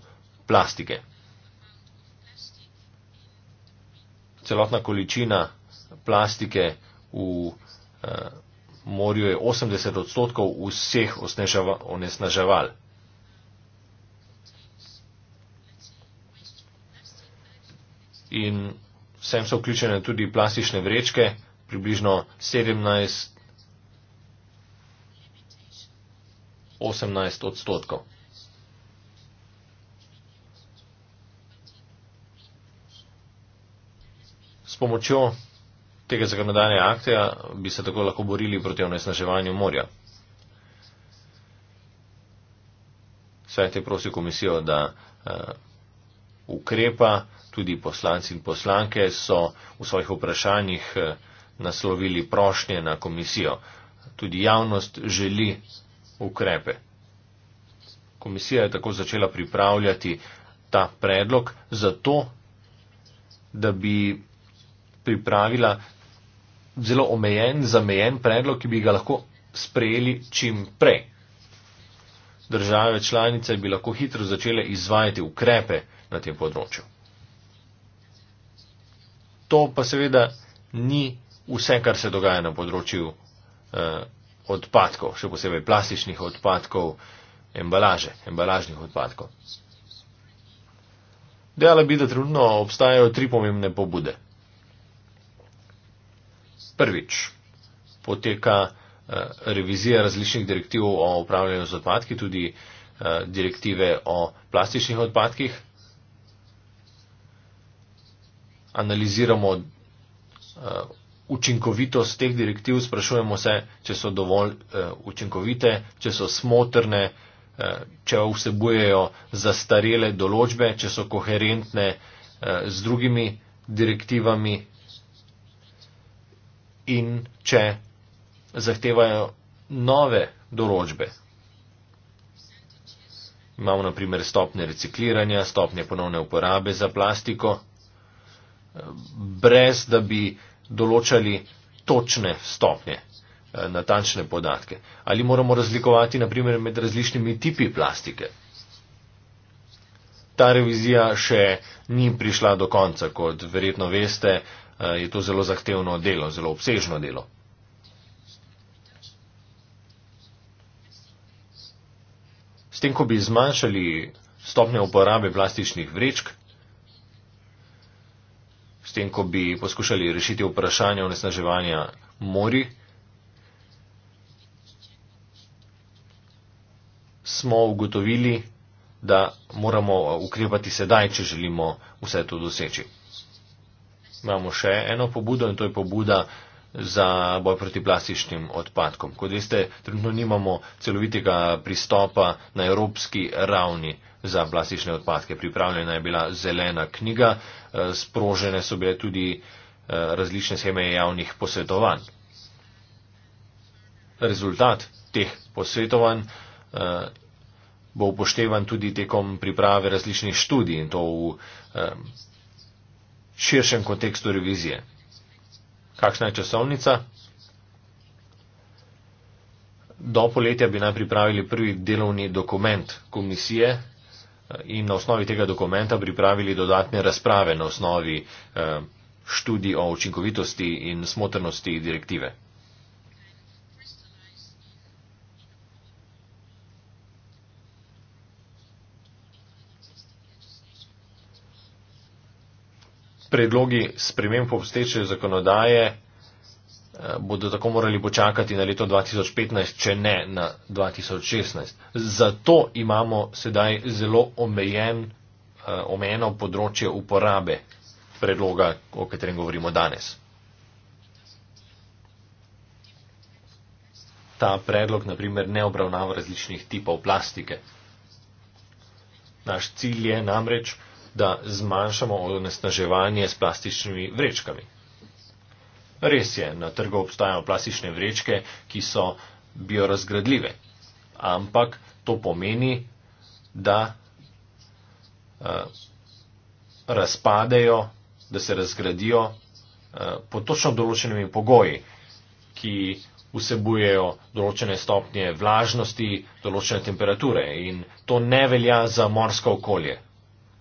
plastike. celotna količina plastike v eh, morju je 80 odstotkov vseh onesnaževal. In sem so vključene tudi plastične vrečke, približno 17-18 odstotkov. pomočjo tega zakonodajnega akta bi se tako lahko borili proti onesnaževanju morja. Svet je prosil komisijo, da uh, ukrepa, tudi poslanci in poslanke so v svojih vprašanjih eh, naslovili prošnje na komisijo. Tudi javnost želi ukrepe. Komisija je tako začela pripravljati ta predlog zato, da bi pripravila zelo omejen, zamejen predlog, ki bi ga lahko sprejeli čim prej. Države članice bi lahko hitro začele izvajati ukrepe na tem področju. To pa seveda ni vse, kar se dogaja na področju eh, odpadkov, še posebej plastičnih odpadkov, embalaže, embalažnih odpadkov. Dejala bi, da trenutno obstajajo tri pomembne pobude prvič poteka eh, revizija različnih direktiv o upravljanju z odpadki, tudi eh, direktive o plastičnih odpadkih. Analiziramo eh, učinkovitost teh direktiv, sprašujemo se, če so dovolj učinkovite, če so smotrne, če vsebujejo zastarele določbe, če so koherentne z drugimi direktivami, in če zahtevajo nove določbe. Imamo naprimer stopne recikliranja, stopne ponovne uporabe za plastiko, brez da bi določali točne stopnje, eh, natančne podatke. Ali moramo razlikovati naprimer med različnimi tipi plastike. Ta revizija še ni prišla do konca, kot verjetno veste, Eh, je to zelo zahtevno delo, zelo obsežno delo. S tem, ko bi zmanjšali stopnje uporabe plastičnih vrečk, s tem, ko bi poskušali rešiti vprašanje onesnaževanja mori, smo ugotovili, da moramo ukrepati sedaj, če želimo vse to doseči imamo še eno pobudo in to je pobuda za boj proti plastičnim odpadkom. Kot veste, trenutno nimamo celovitega pristopa na evropski ravni za plastične odpadke. Pripravljena je bila zelena knjiga, eh, sprožene so bile tudi eh, različne scheme javnih posvetovanj. Rezultat teh posvetovanj eh, bo upoštevan tudi tekom priprave različnih študij in to v širšem kontekstu revizije. Kakšna je časovnica? Do poletja bi naj pripravili prvi delovni dokument komisije eh, in na osnovi tega dokumenta pripravili dodatne razprave na osnovi eh, študij o učinkovitosti in smotrnosti direktive. predlogi sprememb obsteče zakonodaje eh, bodo tako morali počakati na leto 2015, če ne na 2016. Zato imamo sedaj zelo omejen, eh, omejeno področje uporabe predloga, o katerem govorimo danes. Ta predlog, na primer, ne obravnava različnih tipov plastike. Naš cilj je namreč, da zmanjšamo onesnaževanje s plastičnimi vrečkami. Res je, na trgu obstajajo plastične vrečke, ki so biorazgradljive, ampak to pomeni, da uh, razpadejo, da se razgradijo uh, pod točno določenimi pogoji, ki vsebujejo določene stopnje vlažnosti, določene temperature in to ne velja za morsko okolje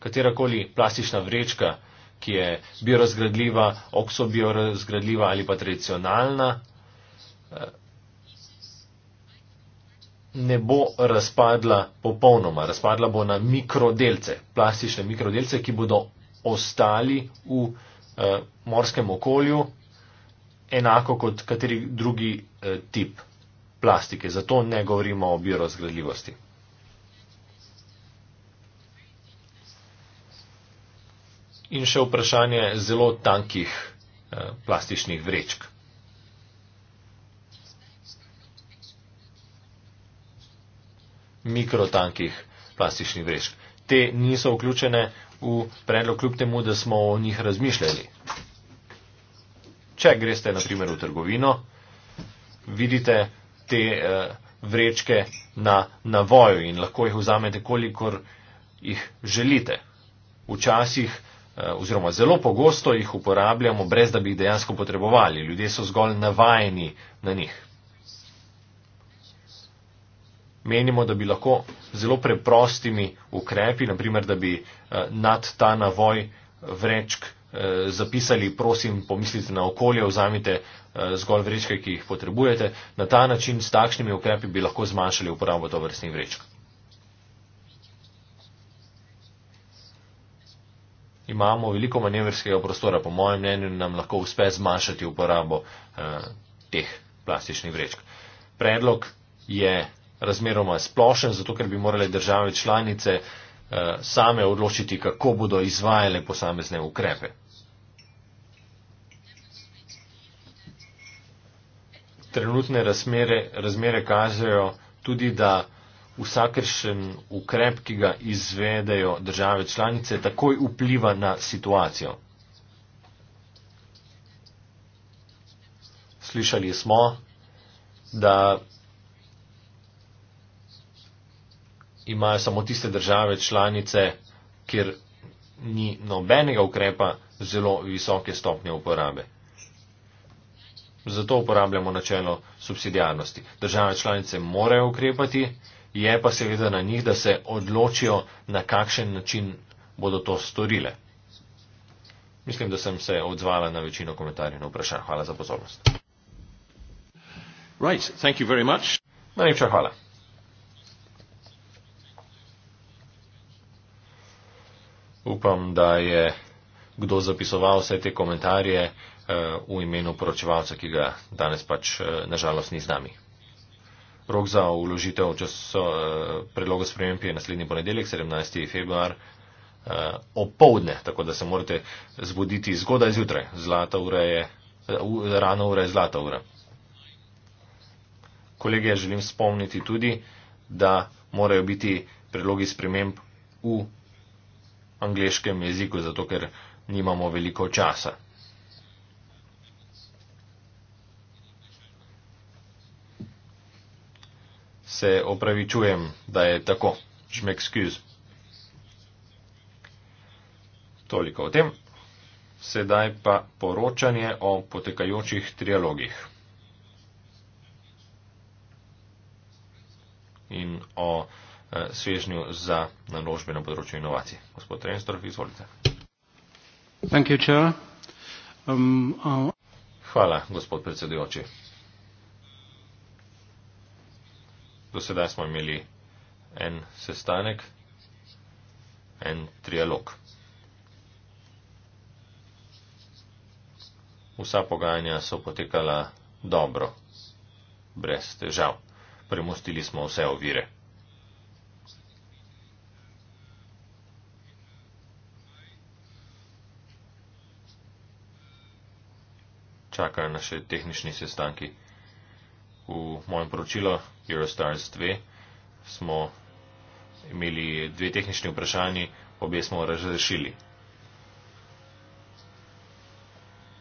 katerakoli plastična vrečka, ki je biorazgradljiva, oksobiorazgradljiva ali pa tradicionalna, eh, ne bo razpadla popolnoma. Razpadla bo na mikrodelce, plastične mikrodelce, ki bodo ostali v eh, morskem okolju, enako kot kateri drugi eh, tip plastike. Zato ne govorimo o biorazgradljivosti. in še vprašanje zelo tankih eh, plastičnih vrečk. Mikrotankih plastičnih vrečk. Te niso vključene v predlog, kljub temu, da smo o njih razmišljali. Če greste naprimer v trgovino, vidite te eh, vrečke na navoju in lahko jih vzamete, kolikor jih želite. Včasih Eh, oziroma zelo pogosto jih uporabljamo, brez da bi jih dejansko potrebovali. Ljudje so zgolj navajeni na njih. Menimo, da bi lahko zelo preprostimi ukrepi, naprimer, da bi eh, nad ta navoj vrečk eh, zapisali, prosim, pomislite na okolje, vzamite zgolj vrečke, ki jih potrebujete. Na ta način s takšnimi ukrepi bi lahko zmanjšali uporabo to vrstnih vrečk. imamo veliko manevrskega prostora. Po mojem mnenju nam lahko uspe zmanjšati uporabo eh, teh plastičnih vrečk. Predlog je razmeroma splošen, zato ker bi morale države članice eh, same odločiti, kako bodo izvajale posamezne ukrepe. Trenutne razmere, razmere kažejo tudi, da vsakršen ukrep, ki ga izvedejo države članice, takoj vpliva na situacijo. Slišali smo, da imajo samo tiste države članice, kjer ni nobenega ukrepa zelo visoke stopnje uporabe. Zato uporabljamo načelo subsidijarnosti. Države članice morajo ukrepati, je pa seveda na njih, da se odločijo, na kakšen način bodo to storile. Mislim, da sem se odzvala na večino komentarjev in vprašanj. Hvala za pozornost. Right, thank you very much. Najlepša hvala. Upam, da je kdo zapisoval vse te komentarje uh, v imenu poročevalca, ki ga danes pač uh, eh, nažalost ni z nami. Rok za uložitev časo, eh, predloga sprememb je naslednji ponedeljek, 17. februar, eh, opovdne, tako da se morate zbuditi zgodaj zjutraj. Zlata ura je, eh, rana ura je zlata ura. Kolege, ja želim spomniti tudi, da morajo biti predlogi sprememb v angliškem jeziku, zato ker nimamo veliko časa. se opravičujem, da je tako. Šmek skuz. Toliko o tem. Sedaj pa poročanje o potekajočih trialogih. In o e, svežnju za naložbe na področju inovacij. Gospod Renstorf, izvolite. Um, uh, Hvala, gospod predsedujoči. Do sedaj smo imeli en sestanek, en trialog. Vsa pogajanja so potekala dobro, brez težav. Premustili smo vse ovire. Čakajo na še tehnični sestanki. V mojem poročilu Eurostars 2 smo imeli dve tehnični vprašanji, obje smo razrešili.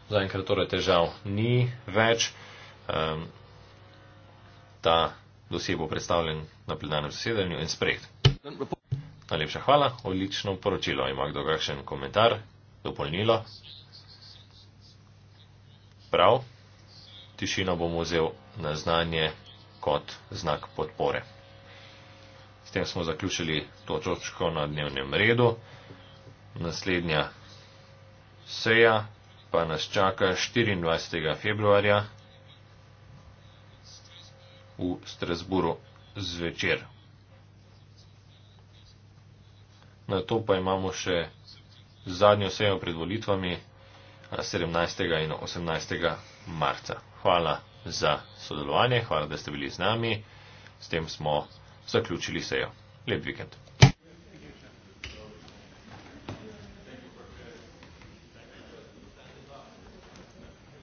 Zaenkrat torej težav ni več. Um, ta dosje bo predstavljen na plenarnem zasedanju in sprejet. Najlepša hvala, odlično poročilo. Ima kdo kakšen komentar, dopolnilo? Prav, tišino bom vzel na znanje kot znak podpore. S tem smo zaključili to točko na dnevnem redu. Naslednja seja pa nas čaka 24. februarja v Strasburu zvečer. Na to pa imamo še zadnjo sejo pred volitvami 17. in 18. marca. Hvala za sodelovanje, hvala, da ste bili z nami. S tem smo zaključili sejo. Lep vikend.